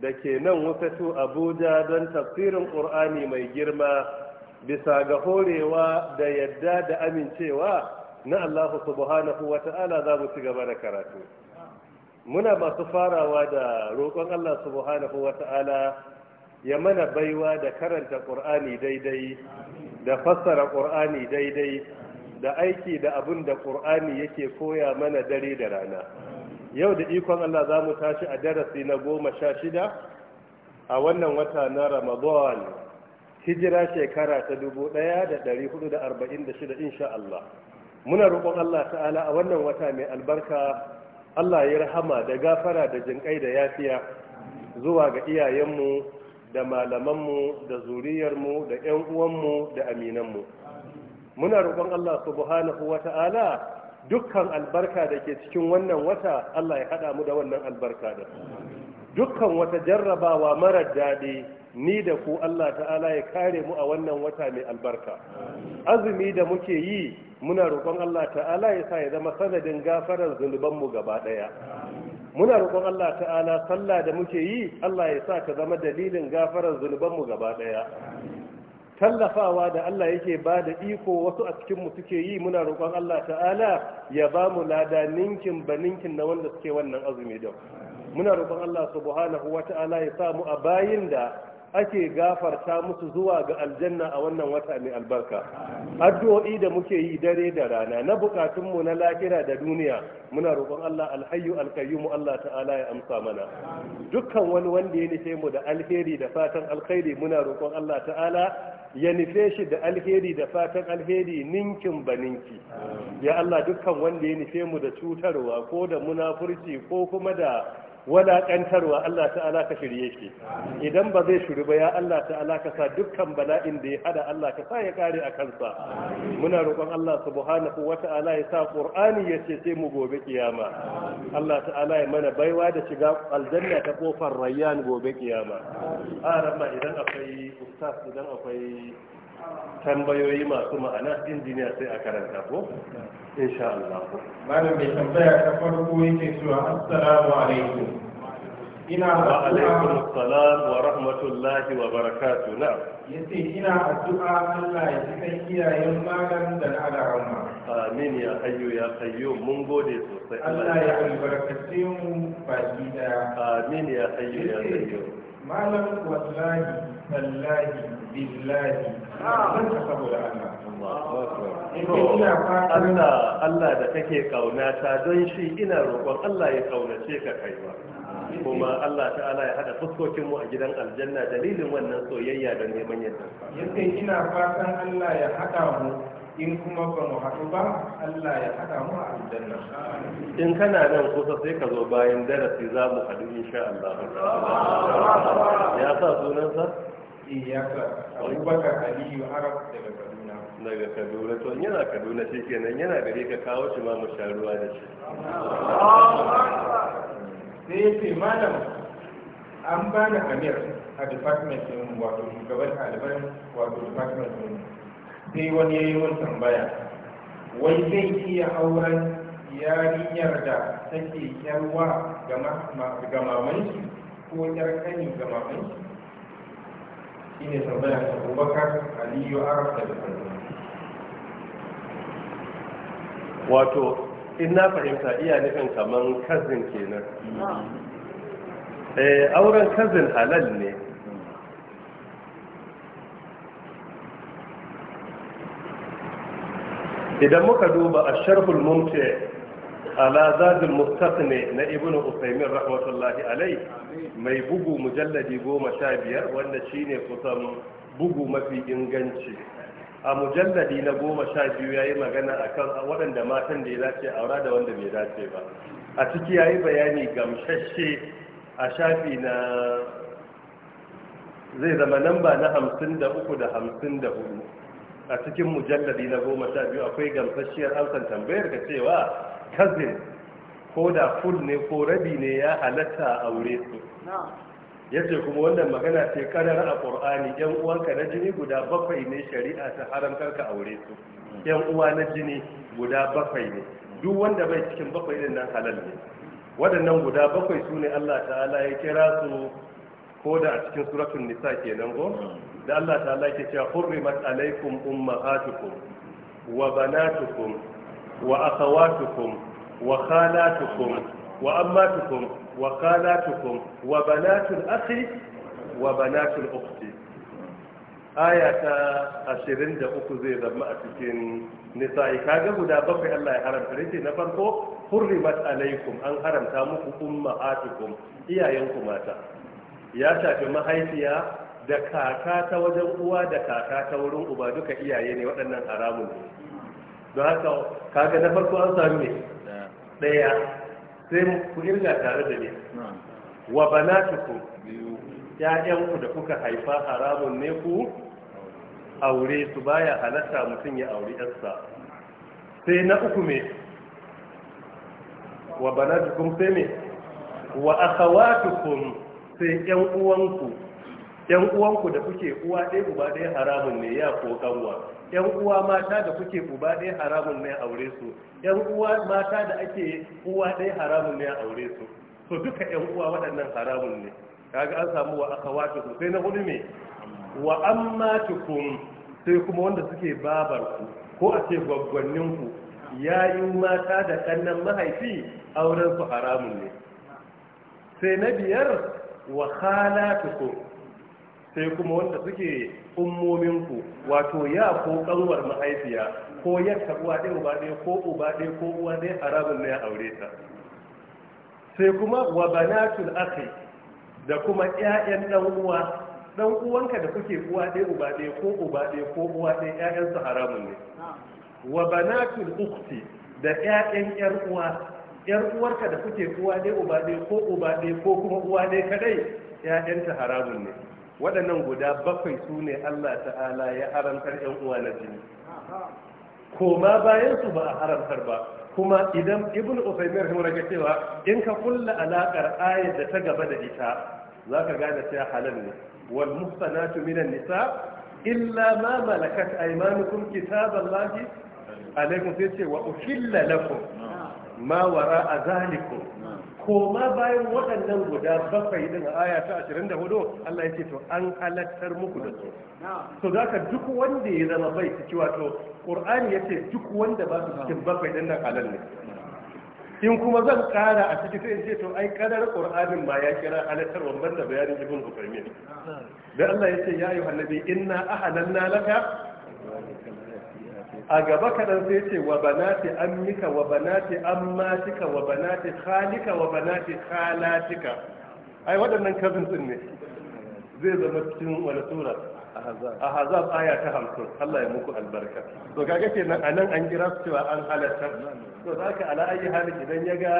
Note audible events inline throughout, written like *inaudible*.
da ke nan wasatu abuja don tafsirin ƙur'ani mai girma bisa ga horewa da yadda da amincewa na allahu subhanahu wa ta'ala za mu ci gaba da karatu muna masu farawa da roƙon allah subhanahu wa ta'ala ya mana baiwa da karanta ƙur'ani daidai da fassara ƙur'ani daidai da aiki da abin da ƙur'ani yake koya mana dare da rana yau da ikon Allah za mu tashi a darasi na goma sha shida a wannan wata na ramadan hijira shekara ta dubu ɗaya da ɗari hudu da arba'in da shida insha Allah muna roƙon Allah ta'ala a wannan wata mai albarka Allah ya rahama da gafara da jinƙai da yafiya zuwa ga iyayenmu da malamanmu da zuriyarmu da 'yan uwanmu da aminanmu muna roƙon Allah subhanahu wa ta'ala dukkan albarka da ke cikin wannan wata Allah ya haɗa mu da wannan albarka da dukkan wata jarrabawa marar daɗi ni da ku Allah ta'ala ya kare mu a wannan wata mai albarka azumi da muke yi muna roƙon Allah ta'ala ya sa ya zama sanadin gafarar mu gaba ɗaya muna roƙon Allah ta'ala sallah da muke yi Allah ya sa ta zama dalilin gafarar zunubanmu gaba ɗaya tallafawa da Allah yake ba da iko wasu a cikin mu suke yi muna roƙon Allah ta'ala ya ba mu lada ninkin ba ninkin na wanda suke wannan azumi don muna roƙon Allah subhanahu wa ta'ala ya samu a bayin da ake gafarta musu zuwa ga aljanna a wannan wata mai albarka addu'o'i da muke yi dare da rana na bukatunmu na lahira da duniya muna roƙon Allah alhayyu alqayyum Allah ta'ala ya amsa mana dukkan wani wanda ya nufe mu da alheri da fatan alkhairi muna roƙon Allah ta'ala ya nufe shi da alheri da fatan alheri ninkin baninki ya Allah dukkan wanda ya nufe mu da cutarwa ko da munafurci ko kuma da walaƙantarwa Allah ta'ala ka shirye shi idan ba zai shiru ba ya Allah ta'ala ka sa dukkan bala'in da ya hada Allah ka sa ya kare a kansa muna roƙon Allah subhanahu wa ta'ala ya sa Qur'ani ya ce sai mu gobe kiyama Allah ta'ala ya mana baiwa da shiga aljanna ta kofar rayyan gobe kiyama a idan akwai ustaz idan akwai tambayoyi masu ma'ana injiniya sai a karanta ko insha Allah malam bai tambaya ta farko yake cewa assalamu alaikum ina wa alaikum assalam wa rahmatullahi wa barakatuh na yace ina addu'a Allah ya ji kai iyayen magan da na alaramma amin ya hayyu ya qayyum mun gode sosai Allah ya albarkace mu baki daya amin ya hayyu ya qayyum malam wallahi wallahi billahi ina Allah Allah da kake kaunata don shi ina roƙon Allah ya kaunace ka kaiwa kuma Allah ta'ala ya hada fuskokin mu a gidan aljanna dalilin wannan soyayya da neman yadda yace ina fatan Allah ya hada mu in kuma ba mu haɗu ba Allah ya haɗa mu a aljanna in kana nan kusa sai ka zo bayan darasi za mu haɗu insha Allah ya sa sunansa iyaka abubakar aliyu arab daga kaduna daga kaduna to yana kaduna shi kenan yana gare ka kawo shi ma mu sha ruwa da shi sai ya ce malam an ba na amir a department din wato shugaban ɗaliban wato department din sai wani ya yi wani tambaya wai zai iya auren yarinyar da take yarwa ga mamanki ko yar kani ga mamanki shi ne tambaya ta abubakar aliyu arab da wato in na fahimta iya nufin kamar kazin kenan eh, auren kazin halal ne idan muka duba a sharhul mumti ala zadul mustaqni na ibnu usaymin rahmatullahi alai mai bugu mujalladi goma sha biyar wanda shine kusan bugu mafi inganci a mujalladi na goma sha biyu ya yi magana akan waɗanda matan da ya dace aura da wanda bai dace ba a ciki ya yi bayani gamshashe a shafi na zai zama namba na hamsin da uku da hamsin da hudu a cikin mujalladi na goma sha biyu akwai gamsasshiyar amsar tambayar ka cewa cousin ko da full ne ko rabi ne ya halatta a aure su Ya ce kuma wannan magana ce karar a qur'ani yan uwanka na jini guda bakwai ne shari'a ta haramtar ka aure su yan uwa na jini guda bakwai ne duk wanda bai cikin bakwai din nan halal ne waɗannan guda bakwai su ne Allah ta'ala ya kira su ko da a cikin suratun nisa kenan go da Allah ta'ala ke cewa hurrimat alaikum ummahatukum wa banatukum وأخواتكم وخالاتكم وأماتكم وخالاتكم وبنات الأخ وبنات الأخت آية أشرين دقوق زي ذما أتكين نسائي كاغا بدا بقي الله حرم فريتي نفرقو حرمت عليكم أن حرم تامكم أمهاتكم إيا ينكم آتا يا شافي ما هيتيا da kaka ta wajen uwa da kaka ta wurin uba duka iyaye ne waɗannan haramun ne don haka kaga na farko an sami ne ɗaya sai ku irga tare da ne wa banatukum ƴaƴanku da kuka haifa haramun ne ku aure su baya halatta mutum ya auri yarsa sai na uku me wa banatukum sai me wa akhawatukum sai yan uwanku 'yan uwanku da kuke uwa ɗaya uba ɗaya haramun ne ya ko kanwa yan uwa mata da kuke uba ɗaya haramun ne aure su yan uwa mata da ake uwa ɗaya haramun ne aure su to duka yan uwa waɗannan haramun ne kaga an samu wa aka wato sai na hudu me wa amma tukun, sai kuma wanda suke babar ku ko a ce gwaggwannin ku yayin mata da kannan mahaifi auren su haramun ne sai na biyar wa khalatukum sai kuma wanda suke ummominku wato ya ko kanwar mahaifiya ko ya uwa ɗaya uba ɗaya ko uba ɗaya ko uwa ɗaya haramun ne ya aure ta sai kuma wa banatul akhi da kuma ƴaƴan dan uwa dan uwanka da kuke uwa ɗaya uba ɗaya ko uba ɗaya ko uwa ɗaya ƴaƴan su haramun ne wa banatul ukhti da ƴaƴan ƴar uwa ƴar uwarka da kuke uwa ɗaya uba ɗaya ko uba ɗaya ko kuma uwa ɗaya kadai ta haramun ne waɗannan guda bakwai su ne Allah ta'ala ya haramtar ‘yan uwa na jini koma bayan su ba a haramtar ba kuma idan ibn usaimin rahimar ga cewa in ka kulla alaƙar ayar da ta gaba da ita za ka gane cewa halal ne wal muhsanatu minan nisa illa ma malakat aymanukum kitaballahi alaikum sai ce wa uhilla lakum ma wara'a zalikum koma bayan waɗannan guda bakwai din aya ta 24 Allah yake to an halattar muku da su to zaka duk wanda ya zama bai ciki wato Qur'ani yace duk wanda ba su cikin bakwai din nan halal ne in kuma zan kara a cikin sai ce to ai kadar Qur'anin ma ya kira halattar wannan da bayanin Ibn Uthaymeen da Allah yace ya ayyuhan nabi inna ahalanna laka a gaba kaɗan sai ce wa banati ammika wa banati ammatika wa banati khalika wa banati khalatika ai waɗannan cousins din ne zai zama cikin wani sura a hazab aya ta hamsin Allah ya muku albarka to kaga a anan an kira su cewa an halatta to zaka ala ayi halin idan ya ga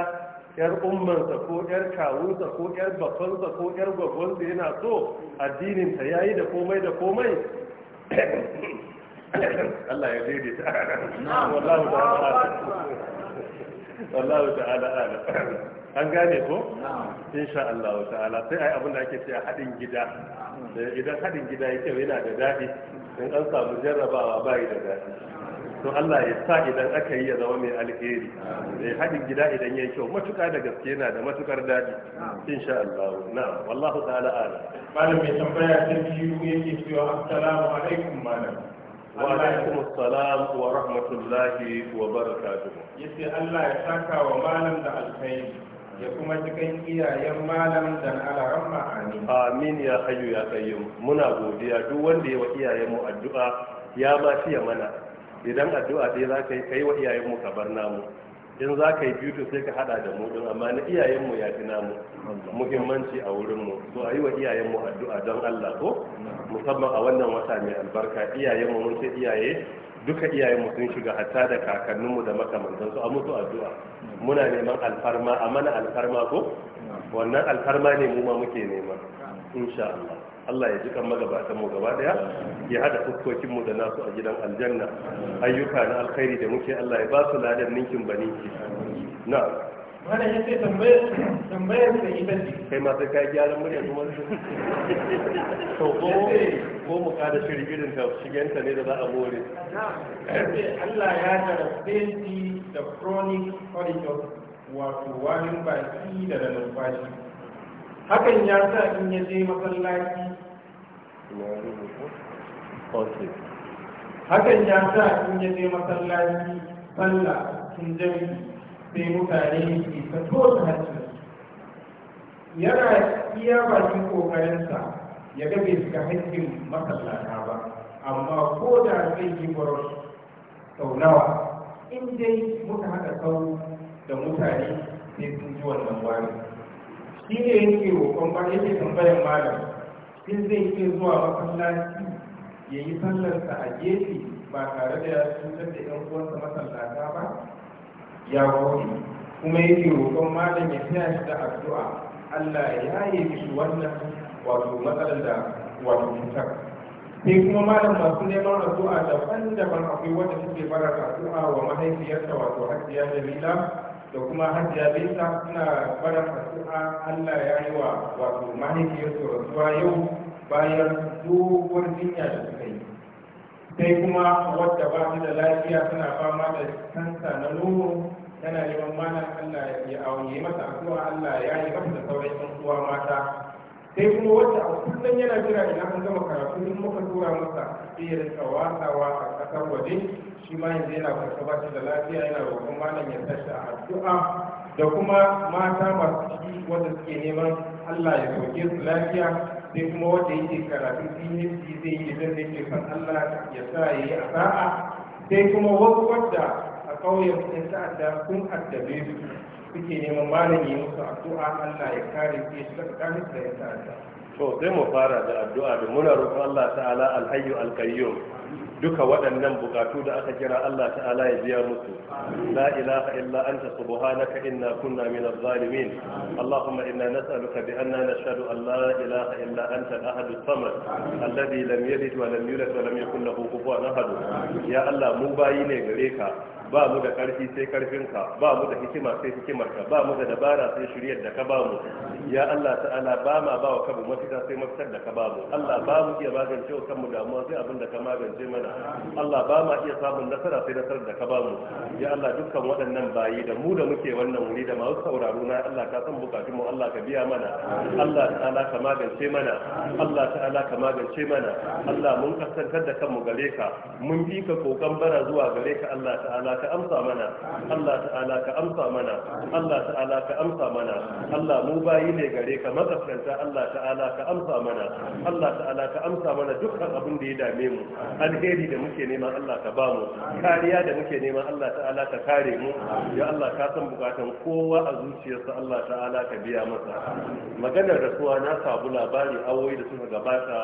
yar ummansa ko yar kawunsa ko yar bafansa ko yar gwagwansa yana so addinin ta yayi da komai da komai Allah ya daidaita wallahu ta'ala ta'ala ala an gane ko insha Allah ta'ala sai ai abin da ake cewa hadin gida eh, idan hadin gida yake yana da dadi in an samu jarrabawa bai da dadi to Allah ya sa idan aka yi ya zama mai alheri mai eh, hadin gida idan yayi kyau matuƙa da gaske yana da matukar dadi insha Allah na'am wallahu malam mai tambaya wa alaikum assalam wa rahmatullahi wa barakatuh yace Allah ya saka wa malam da alkhairi ya kuma cikin iyayen malam da alaramma amin amin ya hayyu ya qayyum muna godiya duk wanda ya wa iyayen addu'a ya ma ya mana idan addu'a dai za ka yi kai wa iyayen mu bar namu in za ka yi biyu sai ka hada da mu din amma na iyayenmu ya fi namu muhimmanci a wurinmu so a yi wa iyayenmu addu'a don Allah ko musamman a wannan wata mai albarka iyayenmu mun ce iyaye duka iyayenmu sun shiga hatta da kakanninmu da su a mutu addu'a muna neman alfarma a mana alfarma ko wannan alfarma ne mu ma muke nema insha Allah Allah ya jikan magabatan mu gaba daya ya hada fuskokin mu da nasu a gidan aljanna ayyuka na alkhairi da muke Allah ya ba su ladan ninkin bani na wannan yace ce tambayar da ita kai ma sai kai gyara murya kuma *laughs* to ko ko mu kada shiri irin ta shigenta ne da za a more Allah ya jarabe shi da chronic corridor wato wani baki da da numfashi hakan ya sa in ya je masallaci hakan ya sa in ya je masallaci sallah sun jami sai mutane ke ta da hajji yana iya bakin kokarinsa ya ga bai shiga hajjin masallata ba amma ko da zai yi baros sau nawa in dai muka haɗa sau da mutane sai sun ji wannan wani shi ne yake roƙon ba yake tambayar malam in zai ke zuwa masallaci ya yi sallarsa a gefe ba tare da ya cutar da ɗan uwansa masallata ba ya kone kuma yake roƙon malam ya taya shi da addu'a Allah ya yaye mishi wannan wato matsalar da wato cutar sai kuma malam masu neman addu'a daban-daban akwai wanda suke fara addu'a wa mahaifiyarsa wato hajjiya jamila da kuma bin ta suna bada fasuha allah ya yi wa wato mahaifiyarsu rasuwa yau bayan dogon jinya da suka yi sai kuma wadda ba su da lafiya suna fama da kansa na nono tana neman mana allah ya aure mata allah ya yi mata da sauran uwa mata sai kuma wata a kullum yana jira idan an gama karatu in muka tura masa sai ya rika wasa a kasar waje shi ma yanzu yana kwanta ba da lafiya yana roƙon malam ya tashi a addu'a da kuma mata masu ciki wanda suke neman Allah ya roƙe su lafiya sai kuma wata yake karatu PhD zai yi idan da yake son Allah ya sa ya yi a sa'a sai kuma wasu wadda a kauyen sun ta'adda sun addabe su suke neman malami musu addu'a Allah ya kare su ya shiga tsakanin da ya ta'adda to sai mu fara da addu'a da muna roƙon Allah ta'ala alhayyu alqayyum duka waɗannan bukatu da aka kira Allah ta'ala ya biya musu la ilaha illa anta subhanaka inna kunna min adh-dhalimin allahumma inna nas'aluka bi anna nashhadu an la ilaha illa anta al-ahad as-samad alladhi lam yalid wa lam yulad wa lam yakul lahu kufuwan ahad ya Allah mu bayi ne gare ka ba mu da ƙarfi sai ƙarfinka. ba mu da hikima sai hikimarka ba mu da dabara sai shiryar da ka ba mu ya Allah ta'ala ba ma ba wa kabu mafita sai mafitar da ka ba mu Allah ba mu iya magance wa kanmu damuwa sai abin da ka magance mana Allah ba ma iya samun nasara sai nasarar da ka ba mu ya Allah dukkan waɗannan bayi da mu da muke wannan wuri da masu sauraro na Allah ka san bukatun mu Allah ka biya mana Allah ta'ala ka magance mana Allah ta'ala ka magance mana Allah mun kasantar da kanmu gare ka mun bi ka kokon bara zuwa gare ka Allah ta'ala ka amsa mana Allah ta'ala ka amsa mana Allah ta'ala ka amsa mana Allah mu bayi ne gare ka makafanta Allah ta'ala ka amsa mana Allah ta'ala ka amsa mana dukkan abin da ya dame mu alheri da muke nema Allah ka ba mu kariya da muke neman Allah ta'ala ka kare mu ya Allah ka san bukatan kowa a zuciyarsa Allah ta'ala ka biya masa maganar rasuwa na sabu labari awoyi da suka gabata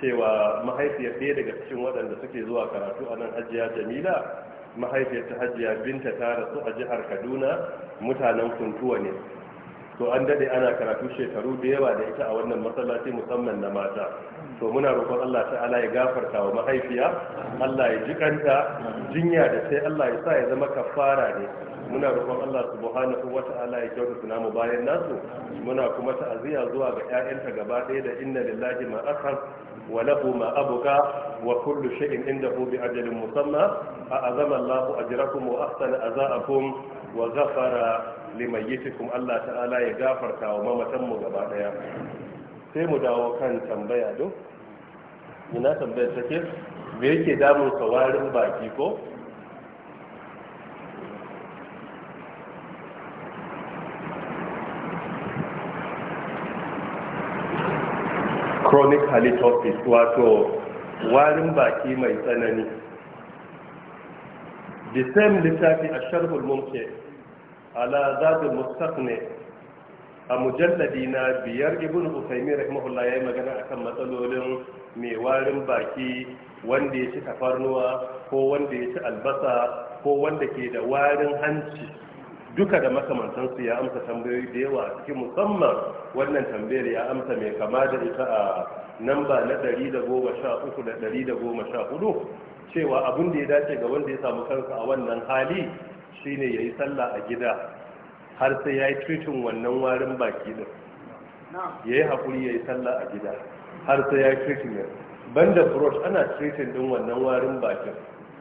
cewa mahaifiyar ɗaya daga cikin waɗanda suke zuwa karatu a nan ajiya jamila mahaifiyar ta hajiya binta ta rasu a jihar kaduna mutanen kuntuwa ne to an dade ana karatu shekaru da yawa da ita a wannan masallaci musamman na mata to muna roƙon Allah ta'ala ya gafarta wa mahaifiya Allah ya jikanta jinya da sai Allah ya sa ya zama kafara ne muna roƙon Allah subhanahu Ta'ala ya kyauta suna mu bayan nasu muna kuma ta'aziyya zuwa ga 'ya'yanta gaba ɗaya da inna lillahi ma وله ما أبقى وكل شيء عنده بأجل مسمى أعظم الله أجركم وأحسن أزاءكم وغفر لميتكم الله تعالى يغفر كاوما متم غبانا sai mu dawo kan tambaya do ina tambayar take me yake damun sawarin baki ko chronic halitosis wato warin baki mai tsanani the same littafi a sharhul mumke ala zadul mustaqni a mujalladi na biyar ibn usaymi rahimahullah ya magana akan matsalolin mai warin baki wanda ya ci tafarnuwa ko wanda ya ci albasa ko wanda ke da warin hanci duka da makamantansu ya amsa tambayoyi da yawa a cikin musamman wannan tambayar ya amsa mai kama da ita a namba na 113 da 114 cewa abin da ya dace ga wanda ya samu kansa a wannan hali shine ya yi sallah a gida har sai ya yi tritin wannan warin baki din ya yi haƙuri ya yi sallah a gida har sai ya yi ya banda brush ana tritin din wannan warin bakin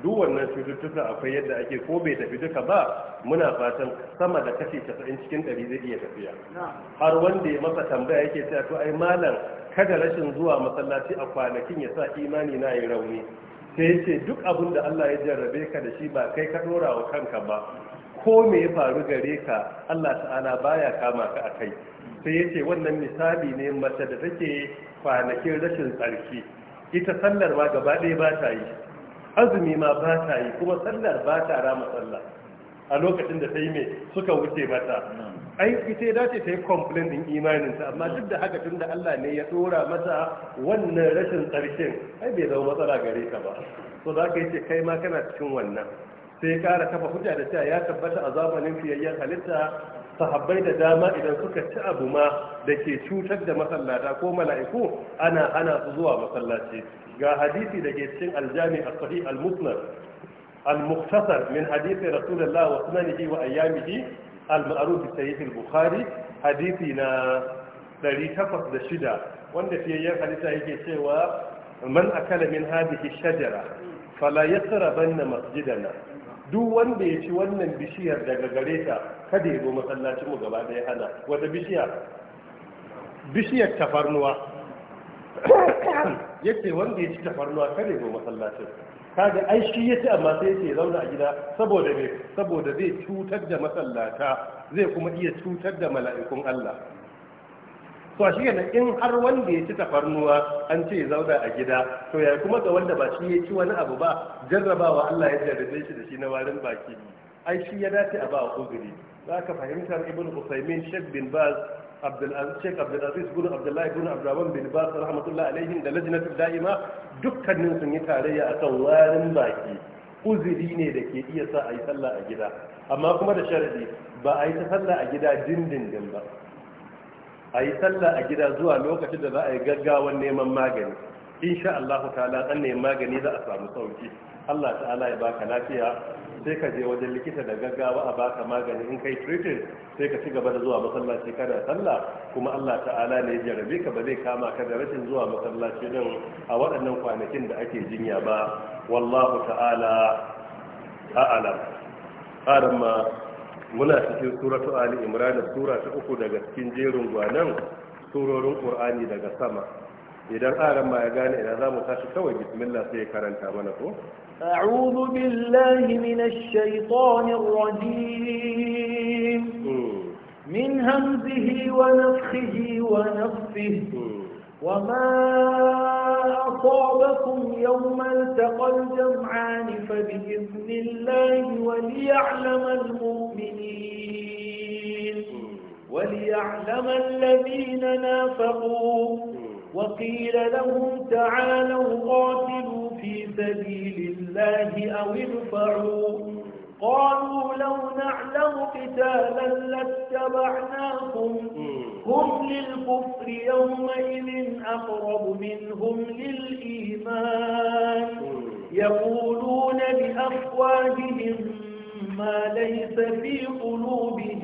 duk wannan cututtuka akwai yadda ake ko bai tafi duka ba muna fatan sama da kashi 90 cikin 100 zai iya tafiya har wanda ya masa tambaya yake cewa to ai malam kada rashin zuwa masallaci a kwanakin ya sa imani na yi rauni sai yace duk abin da Allah ya jarrabe ka da shi ba kai ka dora wa kanka ba ko me ya faru gare ka Allah ta'ala baya kama ka akai sai yace wannan misali ne mace da take kwanakin rashin tsarki ita sallar ma gaba ɗaya ba ta yi azumi ma ba ta yi kuma sallar ba ta rama sallah a lokacin da ta yi mai suka wuce mata ai ita da ce ta yi complain din imaninsa amma duk da haka tun da Allah ne ya dora mata wannan rashin tsarkin ai bai zama matsala gare ka ba so za ka yi ce kai ma kana cikin wannan sai kara kafa hujja da cewa ya tabbata a zamanin fiyayyen halitta sahabbai da dama idan suka ci abu ma da ke cutar da masallata ko mala'iku ana ana su zuwa masallaci ga hadisi da ke cikin aljami a sahih al-musnad al min hadisi rasulullah wa sunanihi wa ayyamihi al-ma'ruf bi sahih al-bukhari hadisi na 806 wanda fiyayyen hadisa yake cewa man akala min hadhihi shajara fala yasrabanna masjidana duk wanda ya ci wannan bishiyar daga gare ta kada ya zo masallacin mu gaba daya hana wata bishiya bishiyar tafarnuwa *coughs* yake wanda ya ci tafarnuwa kada ya zo masallacin kaga ai shi yace amma sai yace zauna a gida saboda me saboda zai cutar da masallata zai kuma iya cutar da mala'ikun Allah to shi ne in har wanda ya ci tafarnuwa an ce ya zauna a gida to ya kuma ga wanda ba shi ya ci wani abu ba jarrabawa Allah ya jarrabe shi da shi na warin baki ai shi ya dace a ba a uzuri za ka fahimtar ibn usaimin sheikh bin baz sheikh abdulaziz bin abdullahi bin abdurrahman bin baz rahmatullahi alaihim da lajnatul da'ima dukkanin sun yi tarayya a kan warin baki uzuri ne da ke iya sa a yi sallah a gida amma kuma da sharadi ba a yi ta sallah a gida dindindin ba a yi sallah a gida zuwa lokacin da za a yi gaggawan neman magani insha Allah ta'ala dan neman magani za a samu sauki Allah ta'ala ya baka lafiya sai ka je wajen likita da gaggawa a baka magani in kai treated sai ka ci gaba da zuwa masallaci kana sallah kuma Allah ta'ala ne ya jarabe ka ba zai kama ka da rashin zuwa masallaci din a waɗannan kwanakin da ake jinya ba wallahu ta'ala a'ala haram ma muna cikin suratu ali imran sura ta uku daga cikin jerin gwanan surorin qur'ani daga sama idan aran ma ya gane ina za mu tashi kawai bismillah sai ya karanta mana ko أعوذ بالله من الشيطان الرجيم من همزه ونفخه ونفثه وما أصابكم يوم التقى الجمعان فبإذن الله وليعلم المؤمنين وليعلم الذين نافقوا وقيل لهم تعالوا قاتلوا في سبيل الله أو ادفعوا قالوا لو نعلم قتالا لاتبعناكم هم للكفر يومئذ أقرب منهم للإيمان يقولون بأفواههم ما ليس في قلوبهم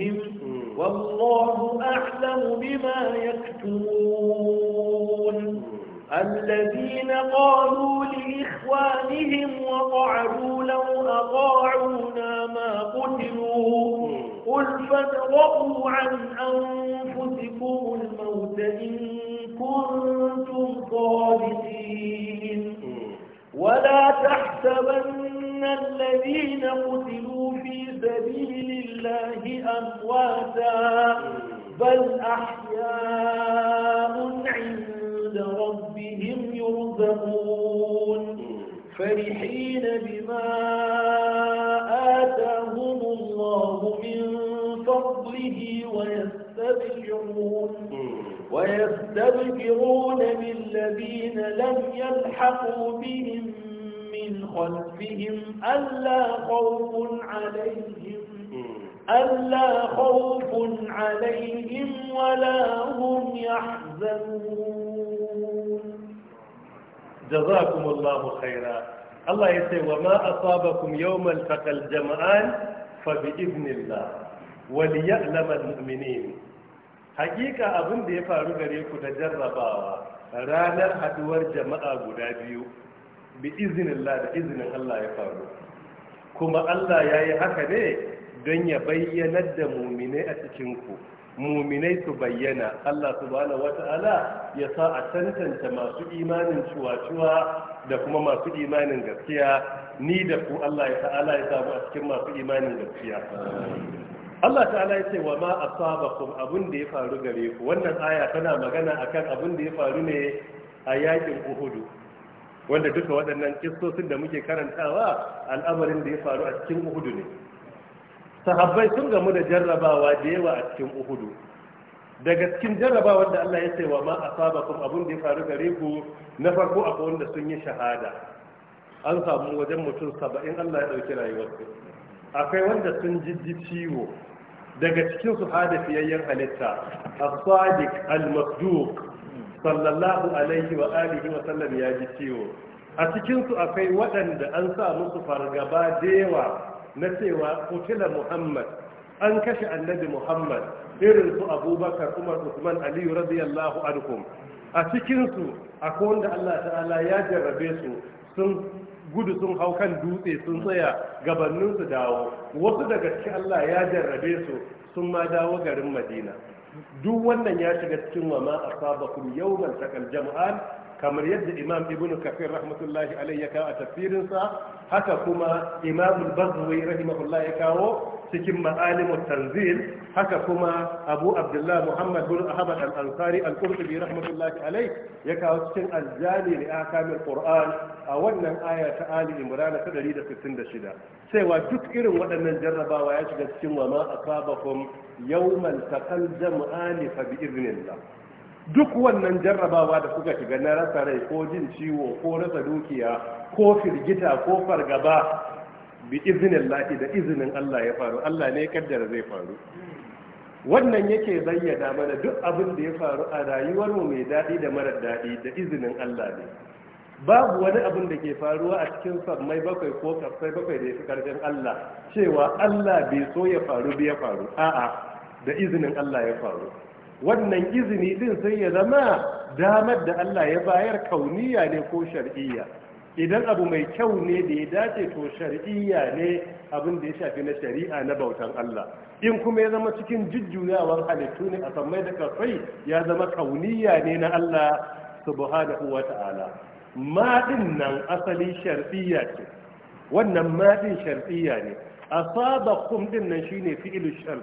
والله أعلم بما يكتمون الذين قالوا لإخوانهم وقعدوا لو أطاعونا ما قتلوا قل فادرؤوا عن أنفسكم الموت إن كنتم صادقين ولا تحسبن الذين قتلوا في سبيل الله أمواتا بل أحياء عند ربهم يرزقون فرحين بما آتاهم الله من بفضله ويستبشرون ويستبشرون بالذين لم يلحقوا بهم من خلفهم ألا خوف عليهم ألا خوف عليهم ولا هم يحزنون جزاكم الله خيرا الله يسير وما أصابكم يوم التقى الجمعان فبإذن الله waliyalaman minin hakika abin da ya faru gare ku da jarrabawa ranar haduwar jama'a guda biyu bi izinillah da izinin Allah ya faru kuma Allah ya yi haka ne don ya bayyanar da muminai a cikinku muminai su bayyana Allah subhanahu wata'ala ya sa a tantance masu imanin cuwa-cuwa da kuma masu imanin gaskiya ni da ku Allah ya ta'ala ya samu a cikin masu imanin gaskiya. Amin. Allah ta'ala ya ce wa ma asabakum abun da ya faru gare ku wannan aya tana magana akan abun da ya faru ne a yakin Uhudu wanda duka waɗannan kissosin da muke karantawa al'amarin da ya faru a cikin Uhudu ne sahabbai sun gamu da jarrabawa da yawa a cikin Uhudu daga cikin jarrabawar da Allah ya ce wa ma asabakum abun da ya faru gare ku na farko akwai wanda sun yi shahada an samu wajen mutum saba'in Allah ya ɗauki rayuwarsu akwai wanda sun jijji ciwo daga cikin su hada fiyayyen halitta a sadiq al-masduq sallallahu alaihi wa alihi wa sallam ya ji ciwo a cikin su akwai waɗanda an sa musu fargaba da na cewa kutila muhammad an kashe annabi muhammad irin su abubakar umar usman aliyu radiyallahu anhum a cikin su akwai wanda Allah ta'ala ya jarrabe su sun gudu sun hau kan dutse sun tsaya gabanin su dawo wasu daga ci Allah ya jarrabe su sun ma dawo garin Madina duk wannan ya shiga cikin wa ma asabakum yawmal taqal jam'an kamar yadda Imam Ibn Kathir rahmatullahi alayhi ya a tafsirinsa haka kuma Imam al bazwi rahimahullahi ya kawo cikin ma'alimu tanzil haka kuma abu abdullah muhammad bin ahmad al-ansari al-qurtubi rahmatullahi alai ya kawo cikin aljali aka min qur'an a wannan aya ta ali imran ta 166 cewa duk irin waɗannan jarrabawa ya shiga cikin wa ma asabakum yawmal taqal jam'ani fa bi idnillah duk wannan jarrabawa da kuka shiga na rasa rai ko jin ciwo ko rasa dukiya ko firgita ko fargaba bi izinin lahi da izinin Allah ya faru Allah ne kaddara zai faru wannan yake zayyana mana duk abin da ya faru a rayuwar mu mai daɗi da marar daɗi da izinin Allah ne babu wani abin da ke faruwa a cikin sammai bakwai ko kafai bakwai da ya fi ƙarfin Allah cewa Allah bai so ya faru bai ya faru a'a da izinin Allah ya faru wannan izini din sai ya zama damar da Allah ya bayar kauniya ne ko shar'iyya idan abu mai kyau ne da ya dace to shar'iyya ne abin da ya shafi na shari'a na bautan Allah in kuma ya zama cikin jujjuyawar halittu ne a sammai da kafai ya zama kauniyya ne na Allah subhanahu wa ta'ala ma din nan asali shar'iyya ce wannan ma din shar'iyya ne asaba kum din nan shine fi'lu shar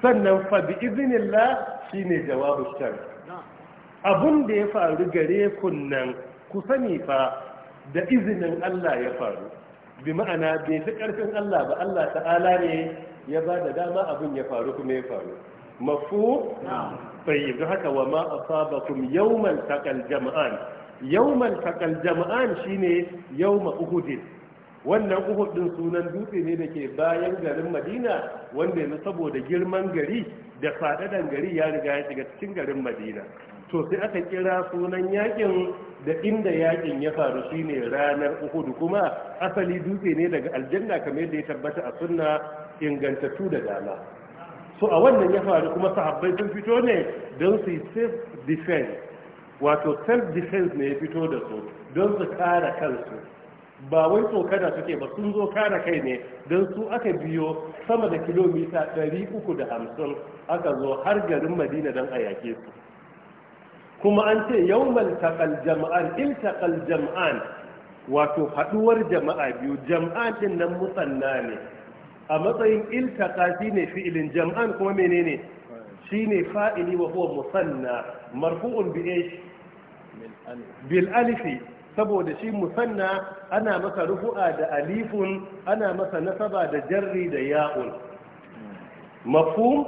sannan fa bi iznillah shine jawabu shar abun da ya faru gare kun nan ku sani fa da izinin Allah ya faru bi ma'ana bai fi karfin Allah ba Allah ta'ala ne ya ba da dama abin ya faru kuma ya faru mafu tayyib da haka wa ma asabakum yawmal taqal jama'an yawmal taqal jama'an shine yawma uhudin wannan uhud din sunan dutse ne da ke bayan garin madina wanda yanzu saboda girman gari da faɗaɗan gari ya riga ya shiga cikin garin madina to sai aka kira sunan yakin da inda yakin ya faru shine ranar uhudu kuma asali dutse ne daga aljanna kamar yadda ya tabbata a sunna ingantattu da dama so a wannan ya faru kuma sahabbai sun fito ne don su self defense wato self defense ne ya fito da su don su kara kansu ba wai tsokana suke ba sun zo kara kai ne don su aka biyo sama da kilomita 350 aka zo har garin madina don a yake su kuma an ce yawmal taqal jama'an iltaqal jama'an wato haduwar jama'a biyu jama'an din nan musanna ne a matsayin iltaqa shine fi'ilin jama'an kuma menene shine fa'ili wa huwa musanna marfu'un bi ish bil alifi saboda shi musanna ana masa rufu'a da alifun ana masa nasaba da jarri da ya'un hmm. mafhum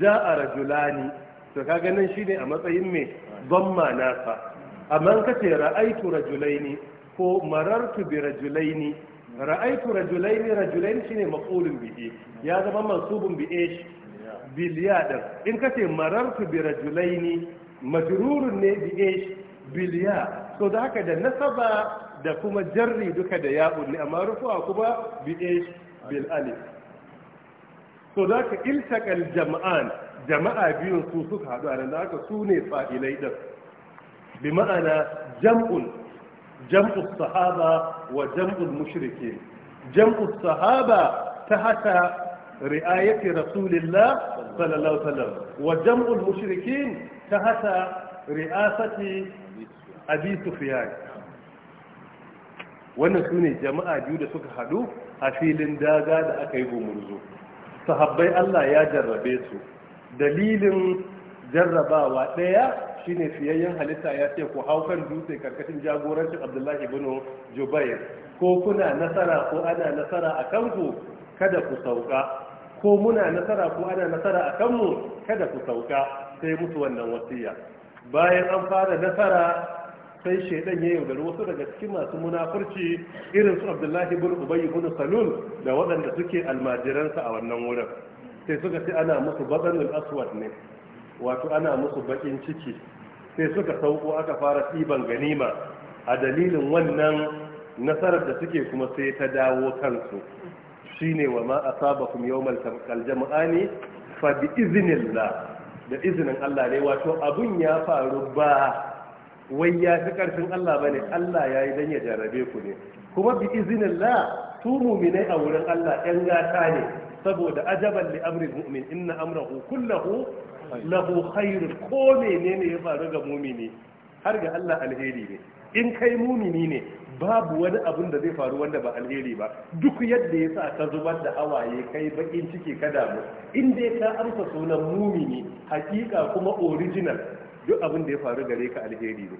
ja'a rajulani to ka ganin shi ne a matsayin mai ma nasa amma ka ce ra'aitu rajulaini ko marartu bi rajulaini ra'aitu rajulaini rajulaini shine maqulun bihi ya zama mansubun bi ish bilyadan in ka ce marartu bi rajulaini majrurun ne bi ish bilya so da haka da nasaba da kuma jarri duka da ya'un ne amma rufuwa kuma bi ish bil alif so da haka iltaqal jam'an jama'a biyun su suka haɗu a nan haka su ne fa'ilai ɗin bi ma'ana jam'un, jam'un sahaba wa jam'un mushrike jam'un sahaba ta hata ri'ayati rasulillah sallallahu sallam wa jam'un mushrikin ta hata ri'asati abi sufyan wannan su ne jama'a biyu da suka haɗu a filin daga da aka yi gumurzu sahabbai Allah ya jarrabe su dalilin jarrabawa ɗaya shine fiyayyen halitta ya ce ku hau kan dutse karkashin jagorancin abdullahi ibn jubair ko kuna nasara ko ana nasara a kanku kada ku sauka ko muna nasara ko ana nasara a kanmu kada ku sauka sai mutu wannan wasiya bayan an fara nasara sai shaidan ya yaudari wasu daga cikin masu munafurci irin su abdullahi ibn ubay ibn salul da waɗanda suke almajiransa a wannan wurin sai suka ce ana musu batsalul aswad ne wato ana musu bakin ciki sai suka sauko aka fara tsiban ganima a dalilin wannan nasarar da suke kuma sai ta dawo kansu shine wa ma asabakum yawmal al-Jama'a jama'ani fa bi la da izinin Allah ne wato abun ya faru ba wai ya fi karfin Allah bane Allah yayi dan ya jarabe ku ne kuma bi izinin iznillah su mu'minai a wurin Allah ɗan gata ne saboda ajaban li amri mu'min inna amrahu kullahu lahu khair ko menene ya faru ga mumini har ga Allah alheri ne in kai mumini ne babu wani abun da zai faru wanda ba alheri ba duk yadda ya sa ka zubar da hawaye kai bakin ciki ka damu in dai ka amsa sunan mumini hakika kuma original duk abin da ya faru gare ka alheri ne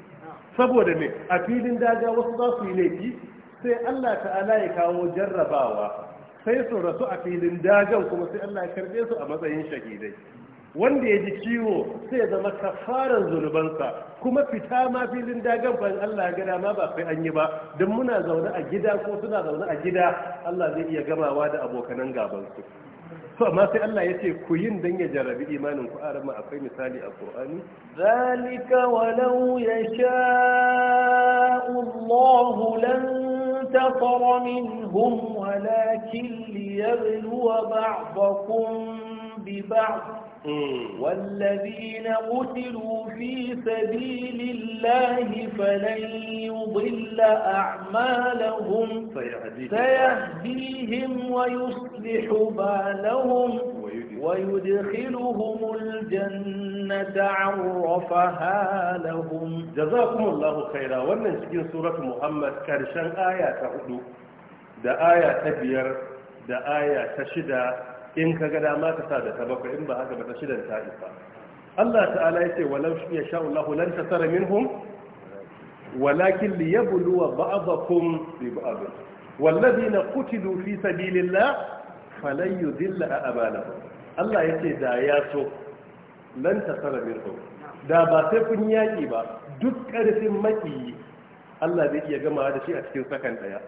saboda me a filin daga wasu za su yi laifi sai Allah ta'ala ya kawo jarrabawa sai su rasu a filin dagan kuma sai Allah ya karbe su a matsayin shahidai wanda ya ji ciwo sai ya zama kafaran zunubansa kuma fita ma filin dagan fa Allah ya gada ma ba sai an yi ba don muna zaune a gida ko suna zaune a gida Allah zai iya gamawa da abokanan gabansu to amma sai Allah ya ce ku yin dan ya jarabi imanin ku arama akwai misali a Qur'ani zalika walau yasha Allah lan taqra minhum walakin liyabluwa ba'dakum bi ba'd والذين قتلوا في سبيل الله فلن يضل أعمالهم سيهديهم ويصلح بالهم ويدخلهم الجنة عرفها لهم جزاكم الله خيرا ونسكين سورة محمد كرشان آية تحدو da aya ta biyar da aya ta shida in ka ga dama ka sa da ta bakwai in ba haka ba ta shidan ta isa Allah ta'ala yace walau ya sha Allah lan tasara minhum walakin liyabluwa ba'dakum bi ba'd walladhina qutilu fi sabilillah falan yudilla abalahum Allah yace da ya so lan tasara minhum da ba sai kun yaki ba duk karfin maki Allah zai iya gama da shi a cikin sakan daya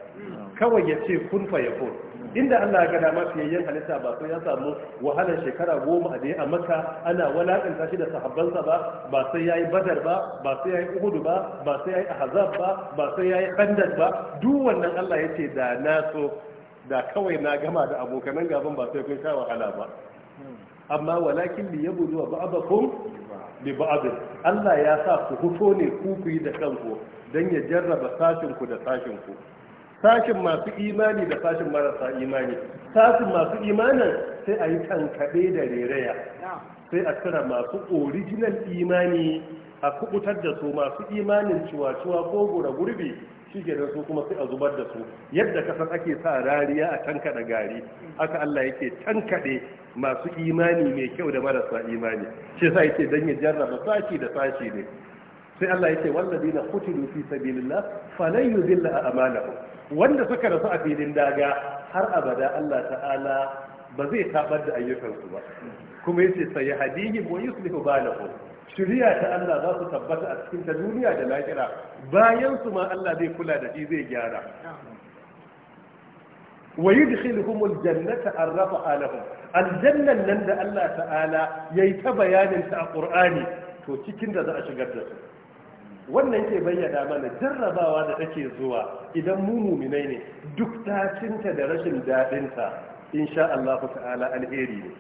kawai yace kun fa yakun inda Allah ya ga dama yayyan halitta ba sai ya samu wahalar shekara goma a dai a maka ana walakanta shi da sahabbansa ba ba sai yi badar ba ba sai yi uhudu ba ba sai yi ahazab ba ba sai yi khandaq ba duk wannan Allah ya ce da na so da kawai na gama da abokanan gaban ba sai kun sha wahala ba amma walakin li zuwa ba'dakum bi Allah ya sa ku huto ne ku ku yi da kanku dan ya jarraba sashin da sashin ku Sashen masu imani da sashin marasa imani sashin masu imanin sai a yi tankaɗe da reraya sai a tsira masu original imani a kubutar da su masu imanin ciwa-ciwa ko gura gurbi shi ke su kuma sai a zubar da su yadda kasar ake sa rariya a tankaɗa gari haka Allah yake tankaɗe masu imani mai kyau da marasa imani shi sa yake don ya jarraba sashi da sashi ne sai Allah yake walladina qutilu fi sabilillah falan a a'malahum wanda suka rasu a filin daga har abada Allah ta'ala ba zai tabar da ayyukansu ba kuma yace sai hadihim wa yuslihu balahum Shiriya ta Allah za su tabbata a cikin ta duniya da lahira bayan su ma Allah zai kula da shi zai gyara wa yudkhiluhum aljannata arrafa lahum aljannan nan da Allah ta'ala yayi ta bayanin ta a Qur'ani to cikin da za a shigar da su wannan ke bayyana mana jarrabawa da take zuwa idan mu muminai ne duk tacinta da rashin daɗinta insha Allah ta'ala alheri ne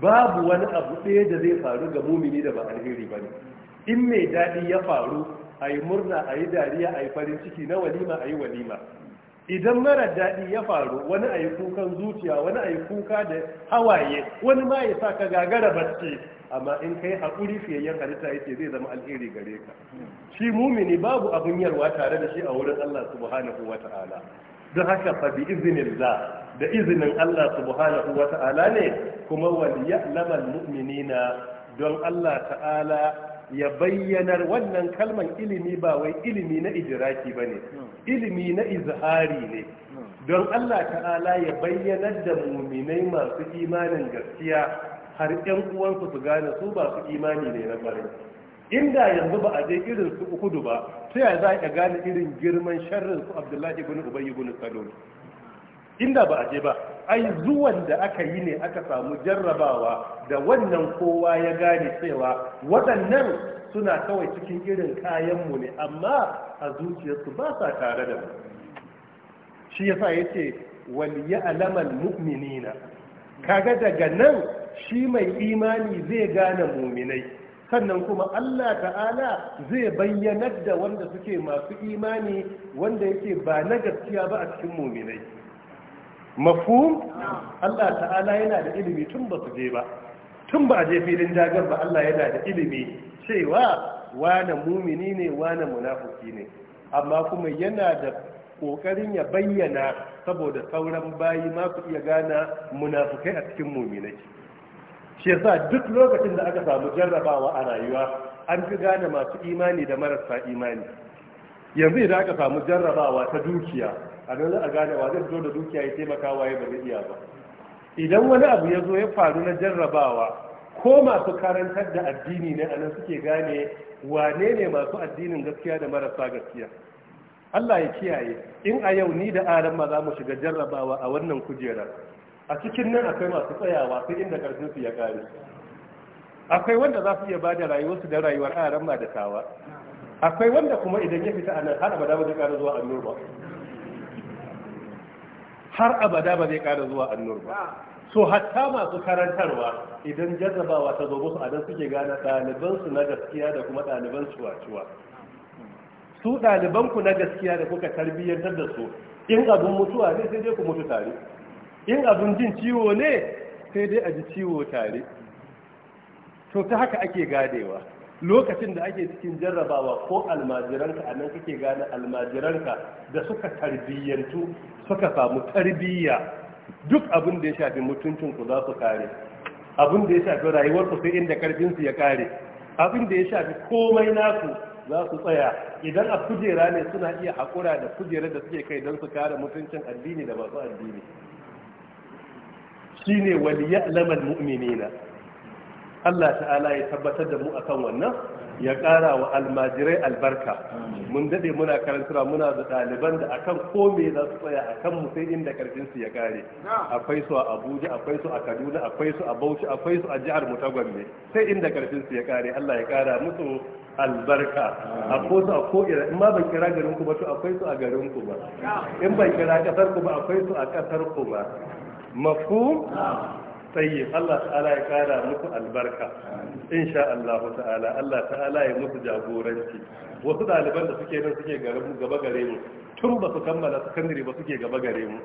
babu wani abu ɗaya da zai faru ga mumini da ba alheri ba ne in mai daɗi ya faru a yi murna a yi dariya a yi farin ciki na walima a yi walima idan mara daɗi ya faru wani a yi kukan zuciya wani a kuka da hawaye wani ma ya sa ka gagara bacci amma in kai haƙuri fiyayyen halitta yake zai zama alheri gare ka shi mumini babu abun yarwa tare da shi a wurin Allah subhanahu wa ta'ala don haka fa bi za, da izinin Allah subhanahu wa ta'ala ne kuma wal ya'lamal mu'minina don Allah ta'ala ya bayyanar wannan kalman ilimi ba wai ilimi na idraki bane ilimi na izhari ne don Allah ta'ala ya bayyanar da muminai masu imanin gaskiya har ƴan uwansu su gane su ba su imani ne na kwarai inda yanzu ba a je irin su uku ba sai ya za ka gane irin girman sharrin su abdullahi ibn ubay ibn salul inda ba a je ba ai zuwan da aka yi ne aka samu jarrabawa da wannan kowa ya gane cewa waɗannan suna kawai cikin irin kayan mu ne amma a zuciyarsu ba sa tare da mu shi yasa yace wal ya'lamal mu'minina kaga daga nan shi mai imani zai gane muminai sannan kuma Allah ta'ala zai bayyanar da wanda suke masu imani wanda yake ba na gaskiya ba a cikin muminai mafhum Allah ta'ala yana da ilimi tun ba su je ba tun ba a je filin dagar ba Allah yana da ilimi cewa wane mumini ne wane munafuki ne amma kuma yana da kokarin ya bayyana saboda sauran bayi ma su iya gane munafukai a cikin muminai shi yasa duk lokacin da aka samu jarrabawa a rayuwa an fi gane masu imani da marasa imani yanzu idan aka samu jarrabawa ta dukiya a dole a gane wa zai zo da dukiya ya taimaka waye ba zai iya ba idan wani abu ya zo ya faru na jarrabawa ko masu karantar da addini ne anan suke gane wane ne masu addinin gaskiya da marasa gaskiya Allah ya kiyaye in a yau ni da aran ma za mu shiga jarrabawa a wannan kujerar a cikin nan akwai masu tsayawa sai inda karfin su ya kare akwai wanda za su iya bada rayuwarsu da rayuwar aran ma da tawa akwai wanda kuma idan ya fita anan har abada ba zai kare zuwa annur ba har abada ba zai kare zuwa annur ba so hatta masu karantarwa idan jazzabawa ta zo musu adan suke gane ɗaliban su na gaskiya da kuma ɗaliban su wacewa su ɗaliban ku na gaskiya da kuka tarbiyyantar da su in abin mutuwa ne sai dai ku mutu tare in abin jin ciwo ne sai dai a ji ciwo tare to ta haka ake gadewa lokacin da ake cikin jarrabawa ko almajiranka a nan kake gane almajiranka da suka tarbiyyantu suka samu tarbiyya duk abin da ya shafi ku za su kare abin da ya shafi rayuwarku sai inda karfinsu ya kare abin da ya shafi komai naku za su tsaya idan a kujera ne suna iya haƙura da kujera da suke kai don su kare mutuncin addini da masu addini Shi ne shine waliya'lamal mu'minina Allah ta'ala ya tabbatar da mu a kan wannan ya ƙara wa almajirai albarka mun daɗe muna karantura muna da ɗaliban da akan ko me za su tsaya a mu sai inda karfin su ya ƙare. akwai su a Abuja akwai su a Kaduna akwai su a Bauchi akwai su a jihar mu ta sai inda karfin su ya ƙare. Allah ya ƙara musu albarka a ko su a ko in ma ban kira garin ku ba to akwai su a garin ku ba in ban kira kasar ku ba akwai su a kasar ku ba mafu tsaye Allah ta'ala ya kara muku albarka insha Allah ta'ala Allah ta'ala ya musu jagoranci wasu ɗaliban da suke nan suke gaba gare mu tun ba su kammala sakandare ba suke gaba gare mu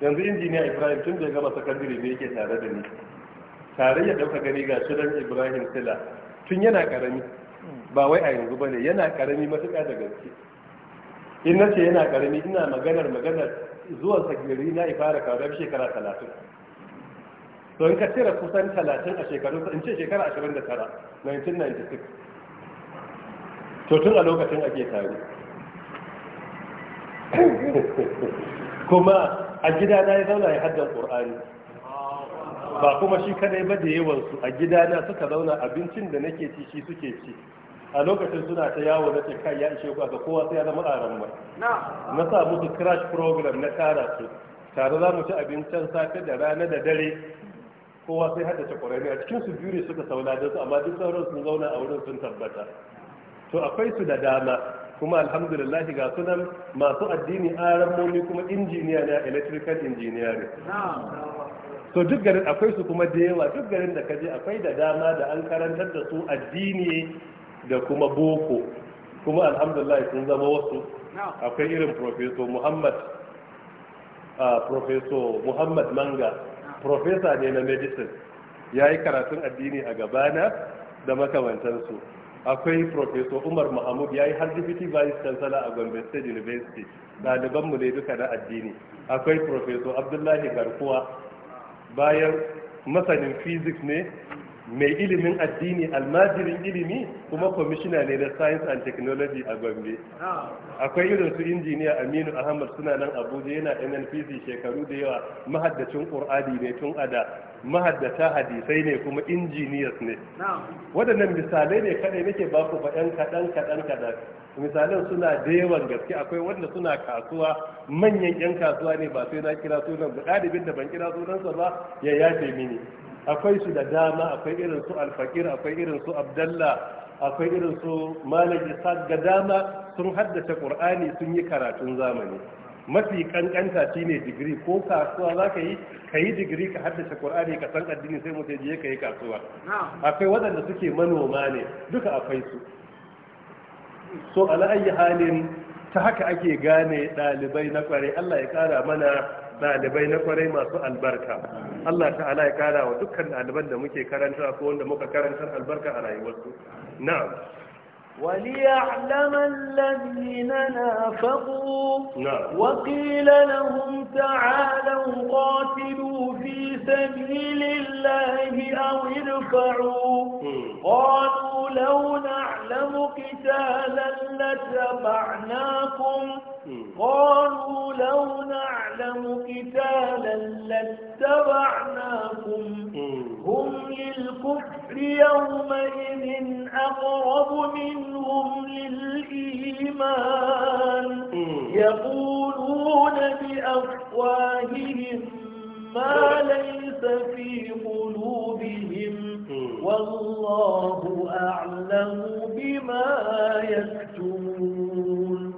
yanzu injiniya ibrahim tun da ya gama sakandare ne yake tare da ni tare ya ɗauka gani ga shirin ibrahim sila tun yana karami ba wai a yanzu ba ne yana karami matuƙa da gaske in ce yana karami ina maganar maganar zuwan sagiri na ifara kaga shekara talatin to in ka cire kusan talatin a shekaru in ce shekara ashirin da tara 1996 to tun a lokacin ake tare *laughs* kuma a gida na ya zauna ya haddan ƙorani ba kuma shi kanai ba da yawansu a gida na suka zauna abincin da nake ci shi suke ci a lokacin suna ta yawo na kai ya ishe ku ga kowa sai ya zama ƙaran mai na sa musu crash program na tara su tare za mu ci abincin safe da rana da dare kowa sai hada ta ƙwararri a cikin su biyu ne suka sauna da su amma duk sauran sun zauna a wurin sun tabbata to akwai su da dama kuma alhamdulillah ga sunan masu addini aramomi kuma injiniya na electrical engineering so duk garin akwai su kuma da yawa duk garin da kaje akwai da dama da an karantar da su addini da kuma boko kuma alhamdulillah sun zama wasu akwai irin profeso muhammad profeso muhammad manga profesa ne na medicine ya yi karatun addini a gabana da makamantansu akwai profeso umar mahamud ya yi har vice chancellor a gombe state university ɗalibanmu ne duka na addini akwai profeso abdullahi garkuwa bayan masanin physics ne mai ilimin addini almajirin ilimi kuma kwamishina ne na science and technology a gombe akwai irin su injiniya aminu ahmad suna nan abuja yana nnpc shekaru da yawa mahaddacin ƙur'ani ne tun ada mahaddata hadisai ne kuma injiniyas ne waɗannan misalai ne kaɗai nake ba ku ba ɗan kaɗan kaɗan kaɗan misalan suna da yawan gaske akwai wanda suna kasuwa manyan ƴan kasuwa ne ba sai na kira sunan ba ɗalibin da ban kira sunansa ba ya yafe mini akwai su da dama akwai irin su alfakir akwai irin su abdalla akwai irin su malam isaac da dama sun haddace qur'ani sun yi karatun zamani mafi kankanta shine digiri ko kasuwa za ka yi ka yi digiri ka haddace qur'ani ka san addini sai mutum je ka yi kasuwa akwai waɗanda suke manoma ne duka akwai su so ala ayyi halin ta haka ake gane ɗalibai na kware Allah ya kara mana ɗalibai na kwarai masu albarka Allah ta'ala ya kara wa dukkan ɗaliban da muke karanta ko wanda muka karantar albarka a rayuwarsu na'am وليعلم الذين نافقوا وقيل لهم تعالوا قاتلوا في سبيل الله أو ادفعوا قال لو نعلم قتالا لاتبعناكم قالوا لو نعلم قتالا لاتبعناكم هم للكفر يومئذ أقرب منهم للإيمان يقولون بأفواههم ما ليس في قلوبهم والله أعلم بما يكتمون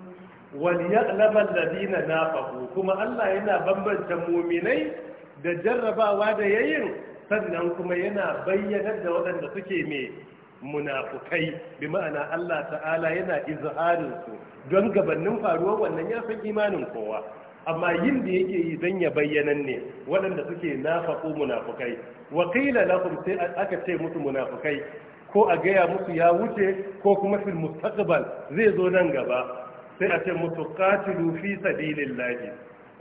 وليغلب الذين نافقوا كما الله ينا بمبنت مؤمنين da jarrabawa da yayin sannan kuma yana bayyanar da waɗanda suke mai munafukai bi ma'ana Allah ta'ala yana izharin su don gabanin faruwar wannan ya san imanin kowa amma yin da yake yi zan ya bayyanan ne waɗanda suke nafaƙo munafukai Waƙila qila sai aka ce musu munafukai, ko a gaya musu ya wuce ko kuma fil mustaqbal zai zo nan gaba sai a ce musu qatilu fi sabilillahi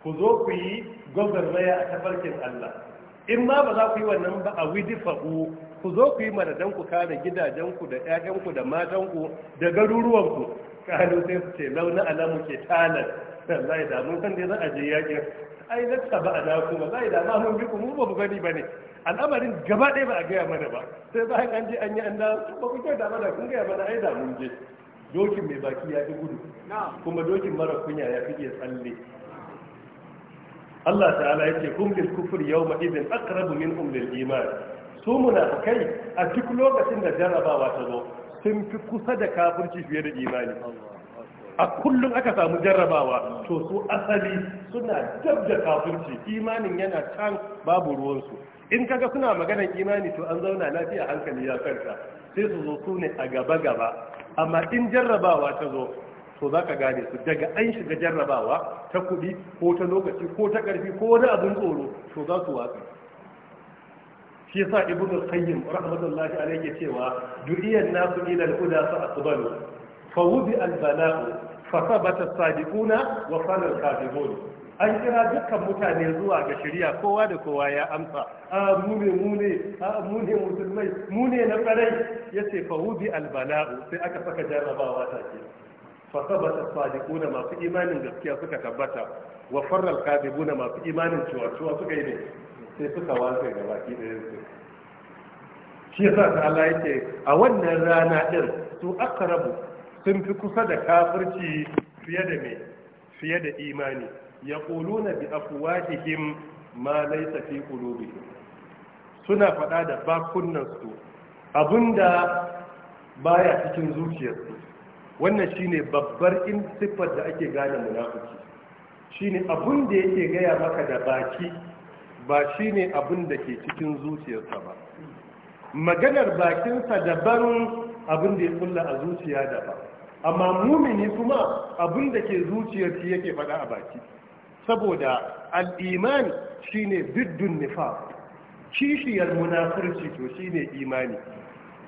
ku zo ku yi gwagwarmaya a tafarkin Allah in ma ba za ku yi wannan ba a widifaku ku zo ku yi madadan ku kare gidajenku da 'ya'yanku da matanku da garuruwanku kalu sai su ce launa alamu ke talar wallahi da mun san dai za a je yakin ai lakka ba ana kuma wallahi da ma mun bi ku mu ba mu gani bane al'amarin gaba ɗaya ba a gaya mana ba sai bayan an je an yi an da ba ku mana kun gaya mana ai da mun je dokin mai baki ya fi gudu kuma dokin mara kunya ya fi iya tsalle Allah ta'ala ya ce kun bil kufri yau ma idin aqrabu min um lil iman su kai a duk lokacin da jarrabawa ta zo sun fi kusa da kafirci fiye da imani a kullum aka samu jarrabawa to su asali suna dab da kafirci imanin yana can babu ruwansu in kaga suna maganar imani to an zauna lafiya hankali ya farka sai su zo su ne a gaba gaba amma in jarrabawa ta zo to za ka gane su daga an shiga jarrabawa ta kuɗi ko ta lokaci ko ta ƙarfi ko wani abin tsoro to za su watsa shi yasa ibnu qayyim rahmatullahi alayhi ya cewa du'iyan nasu ila al-huda fa asbalu fa wudi al-bala'u fa thabata as-sadiquna wa fana al-kadhibun an kira dukkan mutane zuwa ga shari'a kowa da kowa ya amsa a mu ne mu ne a mu ne musulmai mu ne na farai yace ce fahudi albala'u sai aka saka jarrabawa ke. fa sabata sadiquna masu imanin gaskiya suka tabbata wa farral kadibuna masu imanin cewa cewa suka yi ne sai suka wanke ga baki shi yasa ta Allah yake a wannan rana din su aqrabu sun fi kusa da kafirci fiye da me fiye da imani yaquluna bi afwahihim ma laysa fi qulubihim suna faɗa da bakunan su abinda baya cikin zuciyarsu wannan shine babbar in siffar da ake gane munafiki shine abin da yake gaya maka da baki ba shine abin da ke cikin zuciyarsa ba maganar bakinsa daban abin da ya kulla a zuciya daban amma mumini kuma abin da ke zuciyarsa yake faɗa a baki saboda al'iman shi ne biddun nufa kishiyar munafurci to shi ne imani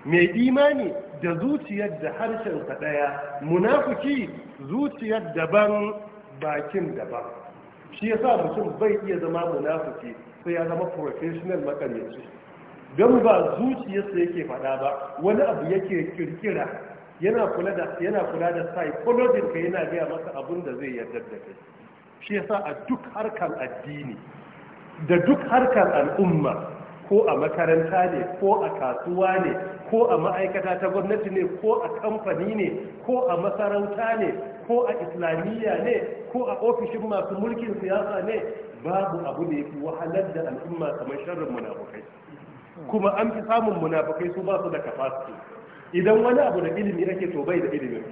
mai imani da zuciyar da harshensa ɗaya munafuki zuciyar daban bakin daban shi ya sa mutum bai iya zama munafuki sai ya zama professional makamaci don ba zuciyarsa yake faɗa ba wani abu yake kirkira yana kula da yana kula da psychologin ka yana gaya masa abin da zai yarda da kai shi yasa a duk harkar addini da duk harkar al'umma ko a makaranta ne ko a kasuwa ne ko a ma'aikata ta gwamnati ne ko a kamfani ne ko a masarauta ne ko a islamiyya ne ko a ofishin masu mulkin siyasa ne babu abu ne wahalar da al'umma kamar sharrin munafukai kuma an fi samun munafukai su ba su da kafasu idan wani abu da ilimi ake to bai da ilimi.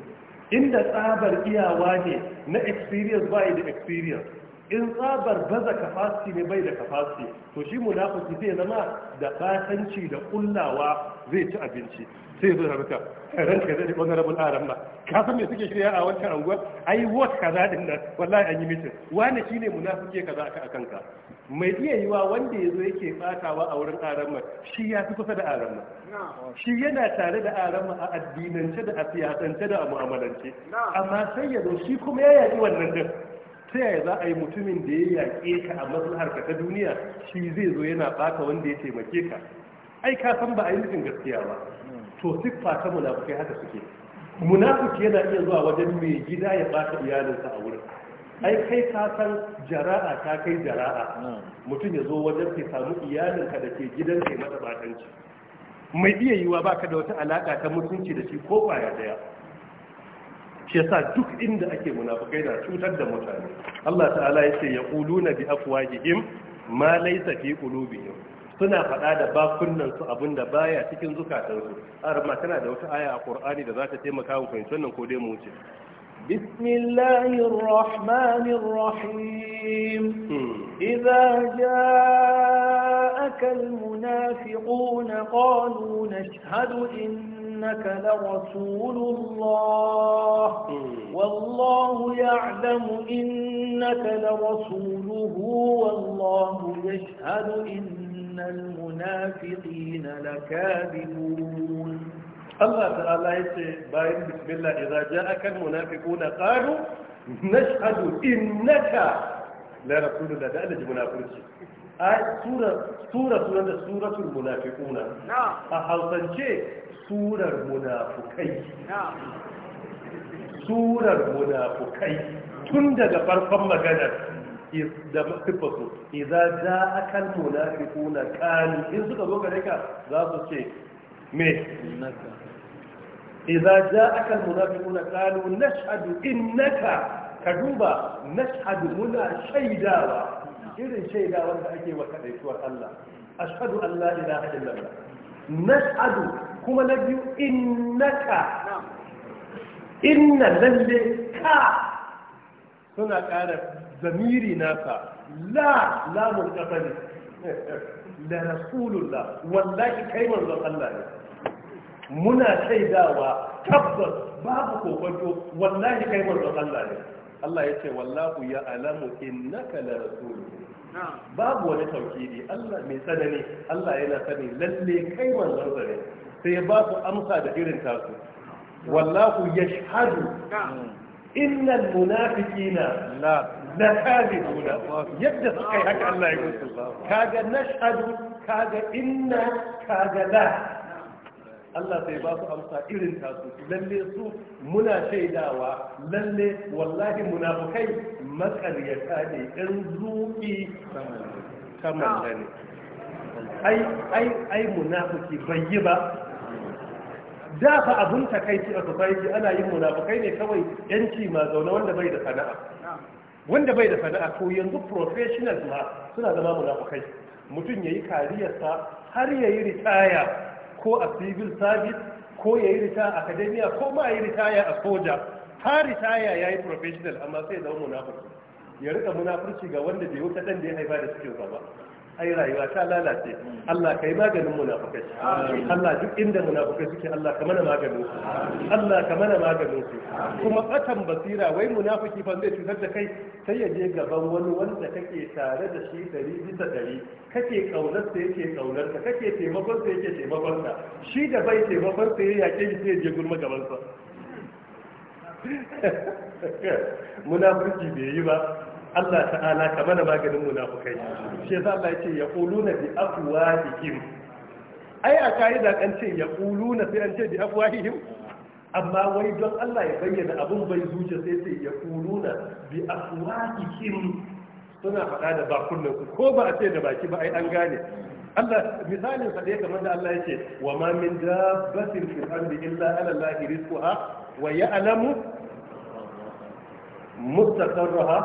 inda tsabar iyawa ne na experience bai da experience in tsabar baza capacity ne bai da capacity to shi munafuki zai zama da fatanci da kullawa zai ci abinci sai zo rabuka ka zai wani rabin aram ba ka san me suke shirya a wancan anguwa ai what kaza din nan wallahi an yi mitin wani shine munafiki kaza aka akan ka mai iya yiwa wanda ya zo yake batawa a wurin aramma shi ya fi kusa da aramma shi yana tare da aramma a addinance da a siyasance da a mu'amalance amma sai ya zo shi kuma ya yaƙi wannan din ta yaya za a yi mutumin da ya yaƙe ka a maslahar ka ta duniya shi zai zo yana bata wanda ya taimake ka ai ka san ba a yi nufin gaskiya ba to siffa ta munafukai haka suke munafuki yana iya zuwa wajen mai gida ya bata iyalinsa a wurin ai kai ka san jara'a ta kai jara'a mutum ya zo wajen ka samu iyalinka da ke gidan kai mata batanci mai iya yiwa baka da wata alaka ta mutunci da shi ko kwaya daya shi yasa duk inda ake munafukai na cutar da mutane Allah ta'ala yace yaquluna bi afwajihim ma laysa fi qulubihim suna faɗa da bakunan su abinda baya cikin zukatansu har ma tana da wata aya a Qur'ani da za ta taimaka mu fahimtar nan ko dai mu wuce بسم الله الرحمن الرحيم إذا جاءك المنافقون قالوا نشهد إنك لرسول الله والله يعلم إنك لرسوله والله يشهد إن المنافقين لكاذبون Allah ta'ala ya ce bayan bismillah idza ja'aka almunafiquna qalu nashhadu innaka la rasulullah da alaji munafiki a sura sura sura da suratul munafiquna a hausance surar munafukai surar munafukai tun daga farkon maganar da sifasu idan za a kan munafiquna kanu in suka zo gare ka za su ce me idza ja'aka almunafiquna qalu nashhadu innaka ka duba nashhadu muna shaidawa irin shaidawa da ake wa kadaituwar Allah ashhadu an la ilaha illallah nashhadu kuma na biyu innaka inna lalle ka suna ƙara zamiri naka la lamun kafari da rasulullah wallahi kai manzon Allah ne muna shaidawa tabbas babu kokonto wallahi kai manzon Allah ne Allah ya ce wallahu ya alamu innaka la rasul babu wani tauhidi Allah mai tsanani Allah yana sani lalle kai manzon sa ne sai ya ba su amsa da irin tasu wallahu yashhadu innal munafiqina la la kadibuna yadda suka yi haka Allah ya gusu kaga nashhadu kaga inna kaga la Allah sai ba su amsa irin tasu lalle su muna shaidawa lalle wallahi munafukai makaryata ne ɗan zuƙi kamar da ne ai munafuki bai yi ba da fa abun takaici a society ana yin munafukai ne kawai yanci ma zaune wanda bai da sana'a wanda bai da sana'a ko yanzu professionals ma suna zama munafukai mutum ya yi kariyarsa har ya yi ritaya ko a civil service ko ya yi ritaya a academia ko ma ya yi ritaya a soja ta ritaya ya yi professional amma sai zama munafurci ya rika munafurci ga wanda bai wuta ɗan da ya haifa da cikin ba ai rayuwa ta lalace Allah kai maganin munafukai. Allah duk inda munafukai suke Allah ka mana maganin su Allah ka mana maganin su kuma katan basira wai munafiki fa zai cutar da kai sai ya je gaban wani wanda kake tare da shi dari bisa dari kake kaunar sa yake kaunar ka kake taimakon sa yake taimakon ka shi da bai taimakon sa yake yake sai ya je gurma gaban sa burki *laughs* bai yi ba Allah ta'ala ka mana maganin munafukai shi yasa Allah yake na bi afwahihim ai a kaida kan ce yaquluna sai an ce bi afwahihim amma wai don Allah ya bayyana abin bai zuce sai sai ya na bi a afwahihim suna faɗa da bakunan su ko ba a ce da baki ba ai an gane Allah misalin sa dai kamar da Allah ya ce. wa ma min dabbatin fil ardi illa ala allahi rizquha wa ya'lamu mustaqarraha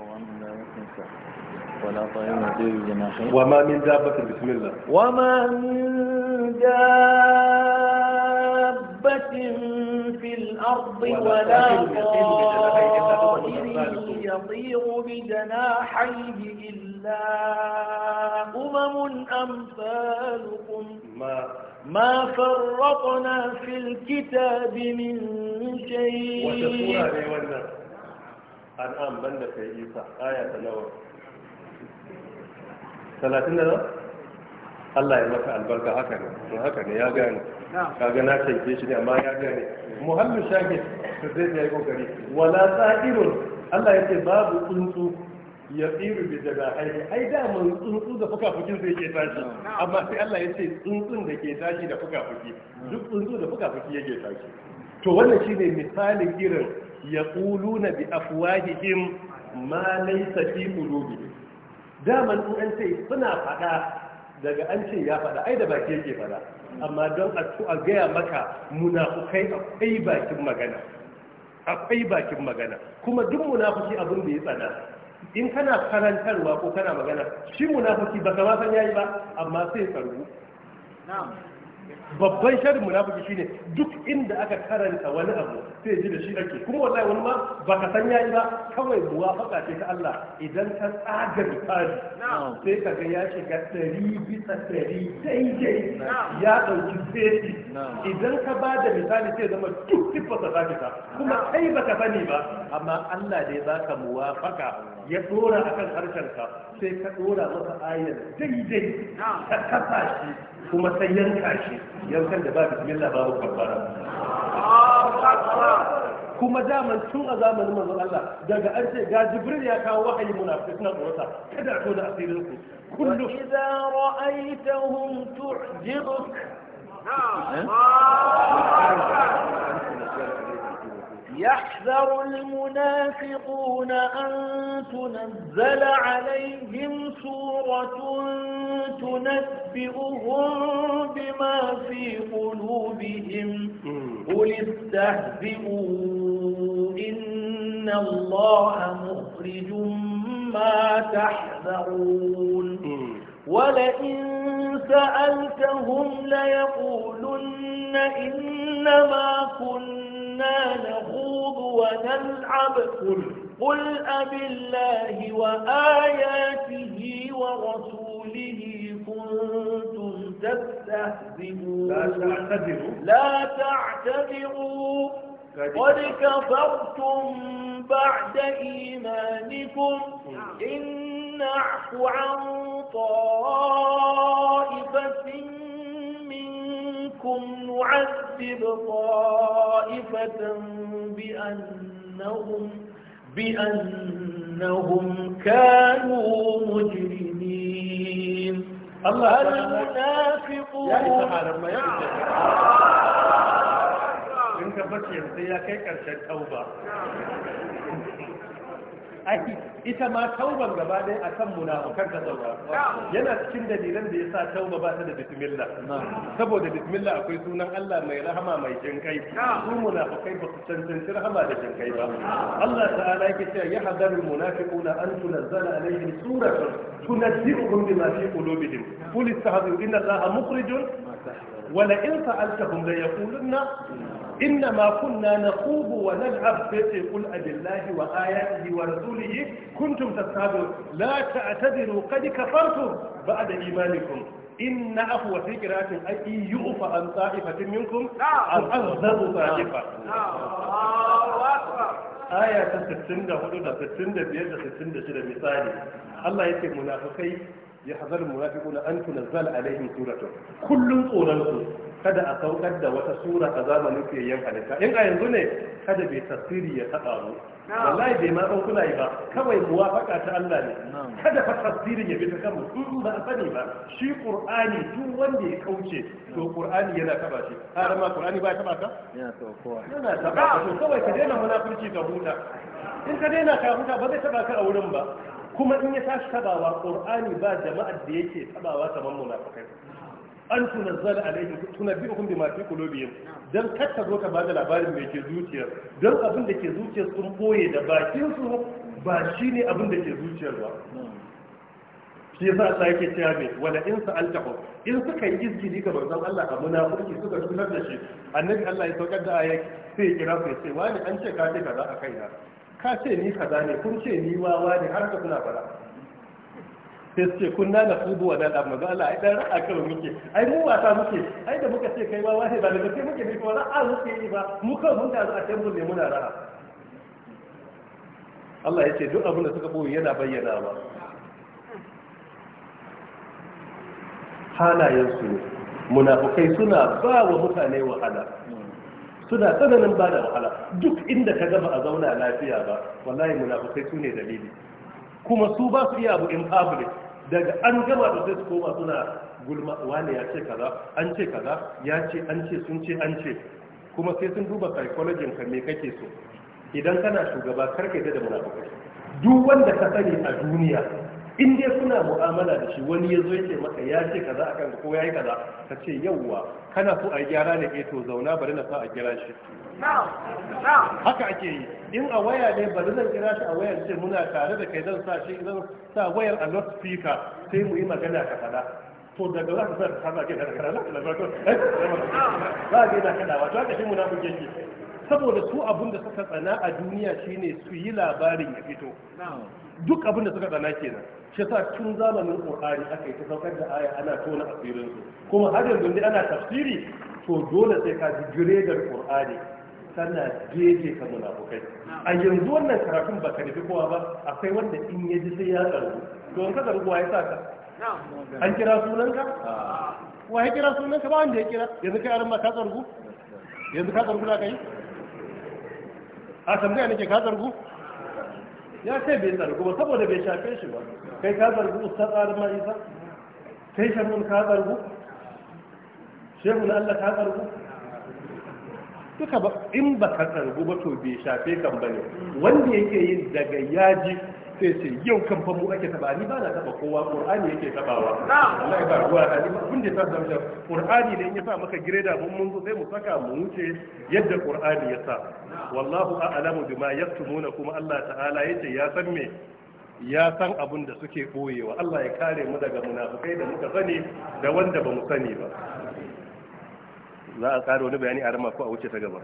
wa ولا طائر يطير بجناحين وما من دابة بسم الله وما من دابة في الأرض ولا طائر يطير بجناحيه إلا أمم أمثالكم ما ما فرطنا في الكتاب من شيء وتقول لي والناس الآن بندك يا إيسا آية نور talatin da Allah ya maka albarka haka ne to haka ne ya gane kaga na tsaye shi ne amma ya gane muhammad shahid to zai yi kokari wala sa'irun Allah yake babu tsuntsu ya tsiru bi daga haihu ai da mun tsuntsu da fukafukin zai ke tashi amma sai Allah ya ce tsuntsun da ke tashi da fukafuki duk tsuntsu da fukafuki yake tashi to wannan shine misalin irin yaquluna bi afwahihim ma laysa fi qulubihim daman in an ce suna faɗa daga an ce ya faɗa ai da baki yake fada amma don a gaya maka munafukai akwai bakin magana akwai bakin magana kuma duk munafuki abin da ya tsada in kana karantarwa ko kana magana shi munafuki baka ma san yayi ba amma sai tsargu na'am babban sharin munafiki shine duk inda aka karanta wani abu sai ji da shi ake kuma wallahi wani ma ba ka san yayi ba kawai muwafaka ce ta Allah idan ka tsaga misali sai ka ga ya shiga ɗari bisa ɗari daidai ya ɗauki seti idan ka ba da misali sai zama duk siffarsa ta kuma kai ba ka sani ba amma Allah dai za ka muwafaka ya ɗora akan ka sai ka ɗora masa ayar daidai ka kasa shi kuma sai yanka shi yankan da ba bismillah babu kabbara kuma daman tun a zamanin manzon Allah daga an ce ga Jibril ya kawo wahayi munafiki suna tsorata kada a tona asirin ku kullu idza ra'aytahum tu'jibuka na'am eh? يحذر المنافقون أن تنزل عليهم سورة تنبئهم بما في قلوبهم قل استهزئوا إن الله مخرج ما تحذرون ولئن سألتهم ليقولن إنما كنا إنا نخوض ونلعب قل قل أب الله وآياته ورسوله كنتم تستهزئون لا تعتذروا لا تعتذروا قد كفرتم بعد إيمانكم نعم. إن نعفو عن طائفة منكم نعذب طائفة بأنهم, بأنهم كانوا مجرمين الله المنافقون in ka bace يا ya kai توبة tauba ai ita ma tauban gaba ɗaya a kan munafukan ta yana cikin dalilan da ya sa tauba ba ta da bismillah saboda bismillah akwai sunan Allah mai rahama mai jinkai su munafukai ba su cancanci rahama da jinkai ba Allah ta'ala yake cewa ya hadarul munafiquna an tunazzala alaihim suratun tunazzi'uhum bima fi qulubihim qul istahzu inna Allaha mukhrijun wala in sa'altahum la na? inna ma kunna naqubu wa nan nal'ab fa qul abillahi wa ayatihi wa rasulihi kuntum tasabun la ta'tadiru qad kafartum da imanikun. in na na'afu wa fi qira'atin ay yu'fa an ta'ifatin minkum an azabu ta'ifa aya ta 64 da 65 da 66 misali Allah ya yake munafikai ya hazar munafiquna an tunzal alaihim suratun kullun tsoron su kada a saukar da wata sura a zamanin fiyayyen halitta in a yanzu ne kada bai tasiri ya taɓa mu wallahi bai ma san kuna yi ba kawai muwafaka ta Allah ne kada fa tasirin ya bi ta kanmu in mm, ba a sani ba shi qur'ani duk wanda ya kauce to qur'ani yana taba shi har ma qur'ani ba ya taba ka yana taba yana taba to kawai ka daina munafurci ka huta in ka daina ka huta ba zai taba ka a wurin ba kuma in ya tashi tabawa qur'ani ba jama'ar da yake tabawa kamar munafikai an tunazzal alaihim tunabbi'uhum bima fi qulubihim dan katta zo ka bada labarin da ke zuciyar dan abin da ke zuciyar sun boye da bakin su ba shine abin da ke zuciyar ba shi yasa Allah yake cewa me wala in sa'altahu in suka yi izgili ga manzon Allah a munafiki suka tunar da shi annabi Allah ya saukar da aya sai ya kira su wani an ce ka ce kaza a kaina ka ce ni kaza ne kun ce ni wawa ne har ka kuna fara sai su ce kun na na fudu wa dada maza Allah ai dan ra'a kawai muke ai mu wata muke ai da muka ce kai wawa ne ba da gaske muke ne ko ra'a muke yi ba mu kawo mun taru a tebur ne muna ra'a Allah ya ce duk abin da suka boye yana bayyana ba halayensu munafukai suna ba wa mutane wahala suna tsananin ba da wahala duk inda ka gaba a zauna lafiya ba wallahi munafukai su ne dalili kuma su ba su iya abu in public daga an gama da sai su koma suna gulma wani ya ce kaza an ce kaza ya ce an ce sun ce an ce kuma sai sun duba psychology ka me kake so idan kana shugaba karka da munafukai duk wanda ka sani a duniya in dai kuna mu'amala da shi wani ya zo ya ce maka ya ce kaza akan ko yayi kaza ka ce yawwa kana so a gyara ne ke eh, to zauna bari na sa a gyara shi haka ake yi in a waya ne bari zan kira shi a wayar ce muna tare da kai zan sa shi zan sa wayar a not speaker sai mu yi magana ka faɗa to daga za ka sa ka kama ke da karala da farko za ka da na kaɗawa to haka shi muna buge shi. saboda su abun da suka tsana a duniya shine su yi labarin ya fito duk abin da suka tsana nan shi sa tun zamanin qur'ani aka yi ta saukar da aya ana tona asirin su kuma har yanzu ne ana tafsiri to dole sai ka ji giredar qur'ani tana jeje ka munafukai a yanzu wannan karatun ba ka nufi kowa ba akwai wanda in ya ji sai ya to don ka wa ya sa ka an kira sunanka wa ya kira sunanka ba wanda ya kira yanzu kai arin ma ka tsargu yanzu ka tsargu na kai a tambaya nake ka tsargu ya kai bai zargu ba saboda bai shafe shi ba kai ka zargu ustaz arma isa kai shafin ka zargu na allah ka zargu duka ba in ba ka zargu ba to bai shafe kan ba ne wanda yake yin daga yaji sai ce yau kan famu ake taba ni ba na taba kowa qur'ani yake tabawa wallahi ya ruwa da ba kun da ta zama qur'ani da in ya sa maka gireda mun mun zo sai mu saka mu wuce yadda qur'ani ya sa wallahu a'lamu bima yaktumuna kuma Allah ta'ala yace ya san me ya san abin da suke boyewa Allah ya kare mu daga munafikai da muka sani da wanda ba mu sani ba za a kare wani bayani a rama ko a wuce ta gaba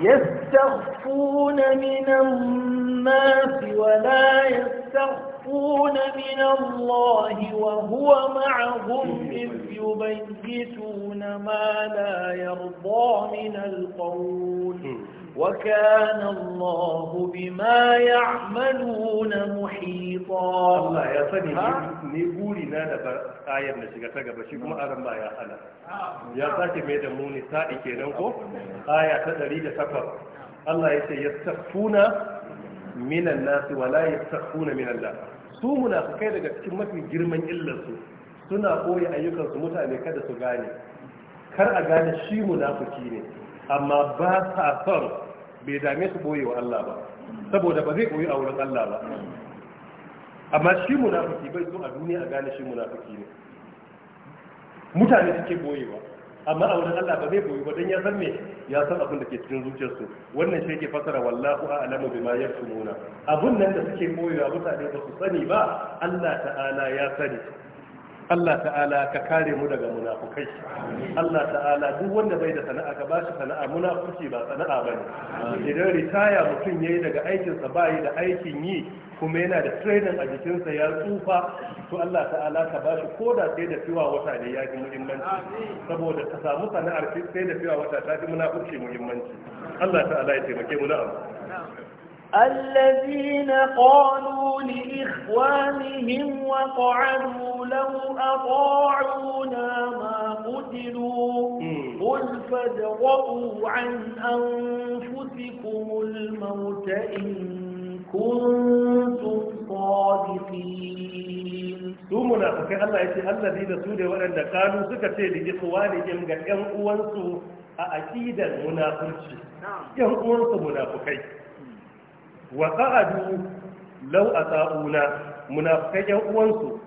يستخفون من الناس ولا يستخفون من الله وهو معهم إذ يبيتون ما لا يرضى من القول وكان الله بما يعملون محيطا الله يا سني ni buri da ayar da shiga ta gaba shi kuma aran ba ya hana ya sake mai da muni sa'i kenan ko aya ta 108 Allah ya ce yastaghfuna minan nasi wala yastaghfuna min Allah su munafikai daga cikin mafi girman illarsu suna koyi ayyukansu mutane kada su gane kar a gane shi munafiki ne amma ba sa son bai dame su boye wa Allah ba saboda ba zai koyi a wurin Allah ba amma shi munafiki bai zo a duniya a gane shi munafiki ne mutane suke boyewa amma a wurin Allah ba zai boye ba dan ya san me ya san abin da ke cikin zuciyarsu wannan shi yake fasara wallahu a'lamu bima yasmuna abun nan da suke boyewa mutane ba su sani ba Allah ta'ala ya sani Allah ta'ala ka kare mu daga munafukai Allah ta'ala duk wanda bai da sana'a ka bashi sana'a munafuki ba sana'a bane idan ritaya mutum yayi daga aikin sa bai da aikin yi kuma yana da training a jikinsa ya tsufa to Allah ta'ala ka bashi koda sai da fiwa wata ne ya fi muhimmanci saboda ka samu sana'ar sai da fiwa wata ta fi munafuki muhimmanci Allah ta'ala ya taimake mu na'am الذين قالوا لإخوانهم وقعدوا لو أطاعونا ما قتلوا قل فادرؤوا عن أنفسكم الموت إن كنتم صادقين su munafikai Allah ya ce allazi da su da waɗanda kanu suka ce da ikhwanihim ga ƴan uwansu a aqidar munafurci ƴan uwansu munafikai wa qa'adu law ata'una munafikai yan uwansu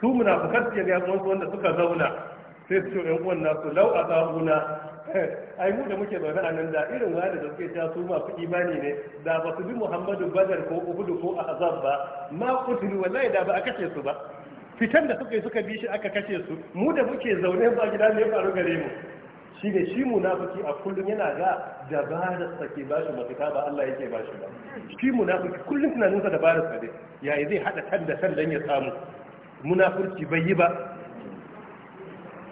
su munafikan su yan wanda suka zauna sai su ce yan uwan nasu law ata'una *laughs* ai mu da muke zaune a nan da irin wani da suke ta su masu imani ne da ba su bi Muhammadu Badar ko ubudu ko Azab ba ma kutulu wallahi da ba a kace su ba fitan da suka yi suka bi shi aka kashe su mu da muke zaune ba gida ne faru gare mu shi ne shi munafiki a kullum yana ga dabararsa ke ba shi mafita ba Allah yake ba shi ba shi munafiki kullum tunaninsa dabararsa ne yayi zai hada kan da san dan ya samu munafurci bai yi ba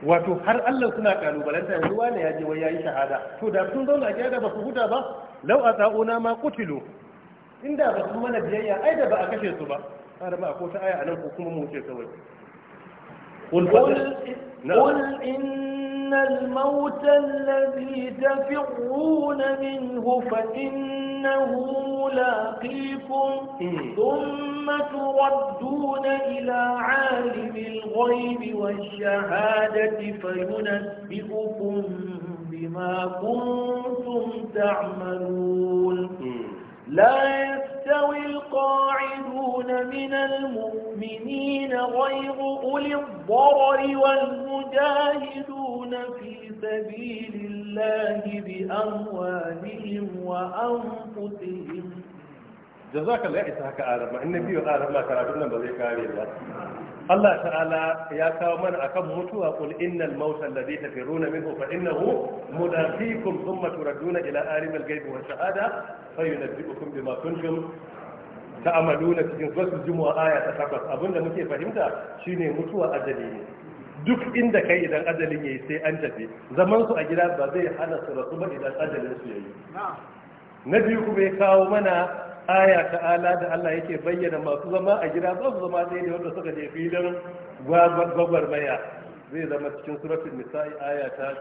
wato har Allah suna kalubalanta yanzu wani ya je wai yayi shahada to da sun zauna da ba su huta ba law ata'una ma qutilu inda ba su mana biyayya ai da ba a kashe su ba har ma ko ta aya anan ko kuma mu ce kawai قل, قل, نعم. قل إن الموت الذي تفرون منه فإنه ملاقيكم ثم تردون إلى عالم الغيب والشهادة فينبئكم بما كنتم تعملون لا يستطيعون يستوي القاعدون من المؤمنين غير أولي الضرر والمجاهدون في سبيل الله بأموالهم وأنفسهم جزاك الله يا إسحاق آدم مع النبي آدم ما كان عبدنا بذيك الله Allah ta'ala ya kawo mana akan mutuwa kul innal mauta alladhi tafiruna minhu fa innahu mulaqikum thumma turaduna ila alimil ghaibi wa shahada fayunabbiukum bima kuntum ta'maluna cikin suratul jumu'a aya ta takwas abinda muke fahimta shine mutuwa ajali ne duk inda kai idan ajalin yayi sai an tafi zaman su a gida ba zai hana su rasu ba idan ajalin su yayi na biyu kuma ya kawo mana aya ta ala da Allah yake bayyana masu zama a gida ba su zama ɗaya ne wanda suka je filin maya zai zama cikin suratul nisa'i aya ta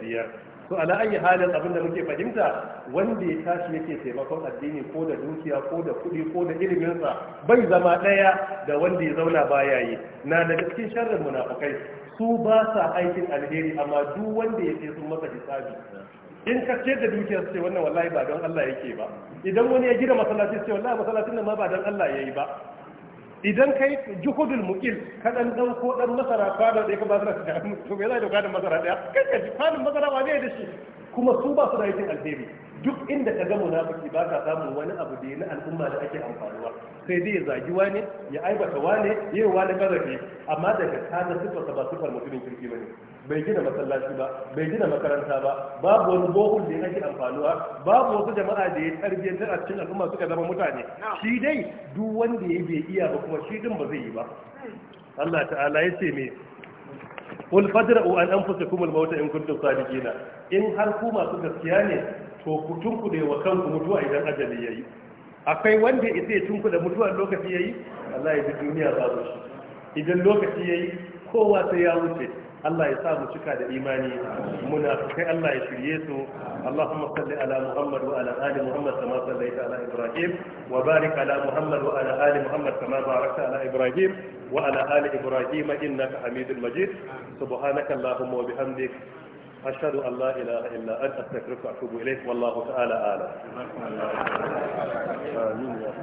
biyar, to ala ayi halin abinda muke fahimta wanda ya tashi yake taimakon addini ko da dukiya ko da kuɗi ko da ilimin iliminsa bai zama ɗaya da wanda ya zauna baya yi na da cikin sharrin munafukai su ba sa aikin alheri amma duk wanda ya ce sun masa hisabi in ka ce da dukiyar ce wannan wallahi ba don Allah yake ba idan wani ya gina masallaci ce wallahi masallacin nan ma ba don Allah yayi ba idan kai juhudul muqil ka dan dauko dan masara kwano da ka ba su da to me zai dauka da masara daya kai ka ji kwanon masara wa ne da shi kuma su ba su da aikin alheri duk inda ka ga munafiki ba ka samun wani abu da na al'umma da ake amfanuwa sai dai ya zagi wane ya aibata wane yi wani karafi amma daga kada sifarsa ba sufar mutumin kirki bane bai gina masallaci ba bai gina makaranta ba babu wani bohun da yake amfanuwa babu wasu jama'a da ya tarbiyyantar a cikin al'umma suka zama mutane shi dai duk wanda ya bai iya ba kuma shi din ba zai yi ba Allah ta'ala ya ce me قل فادرؤوا عن انفسكم الموت ان كنتم صادقين in har masu gaskiya ne to ku tunkuɗe wa kanku mutuwa idan ajali ya yi akwai wanda isa ya tunkuɗe mutuwa lokaci ya yi Allah ya ji duniya babu shi idan lokaci ya yi kowa sai ya wuce Allah ya sa mu cika da imani muna kai Allah ya shirye su Allahumma salli ala Muhammad wa ala ali Muhammad kama sallaita ala Ibrahim wa barik ala Muhammad wa ala ali Muhammad kama barakta ala Ibrahim wa ala ali Ibrahim innaka Hamidul Majid subhanaka Allahumma wa bihamdik أشهد أن لا إله إلا أنت أستغفرك وأتوب إليك والله تعالى أعلم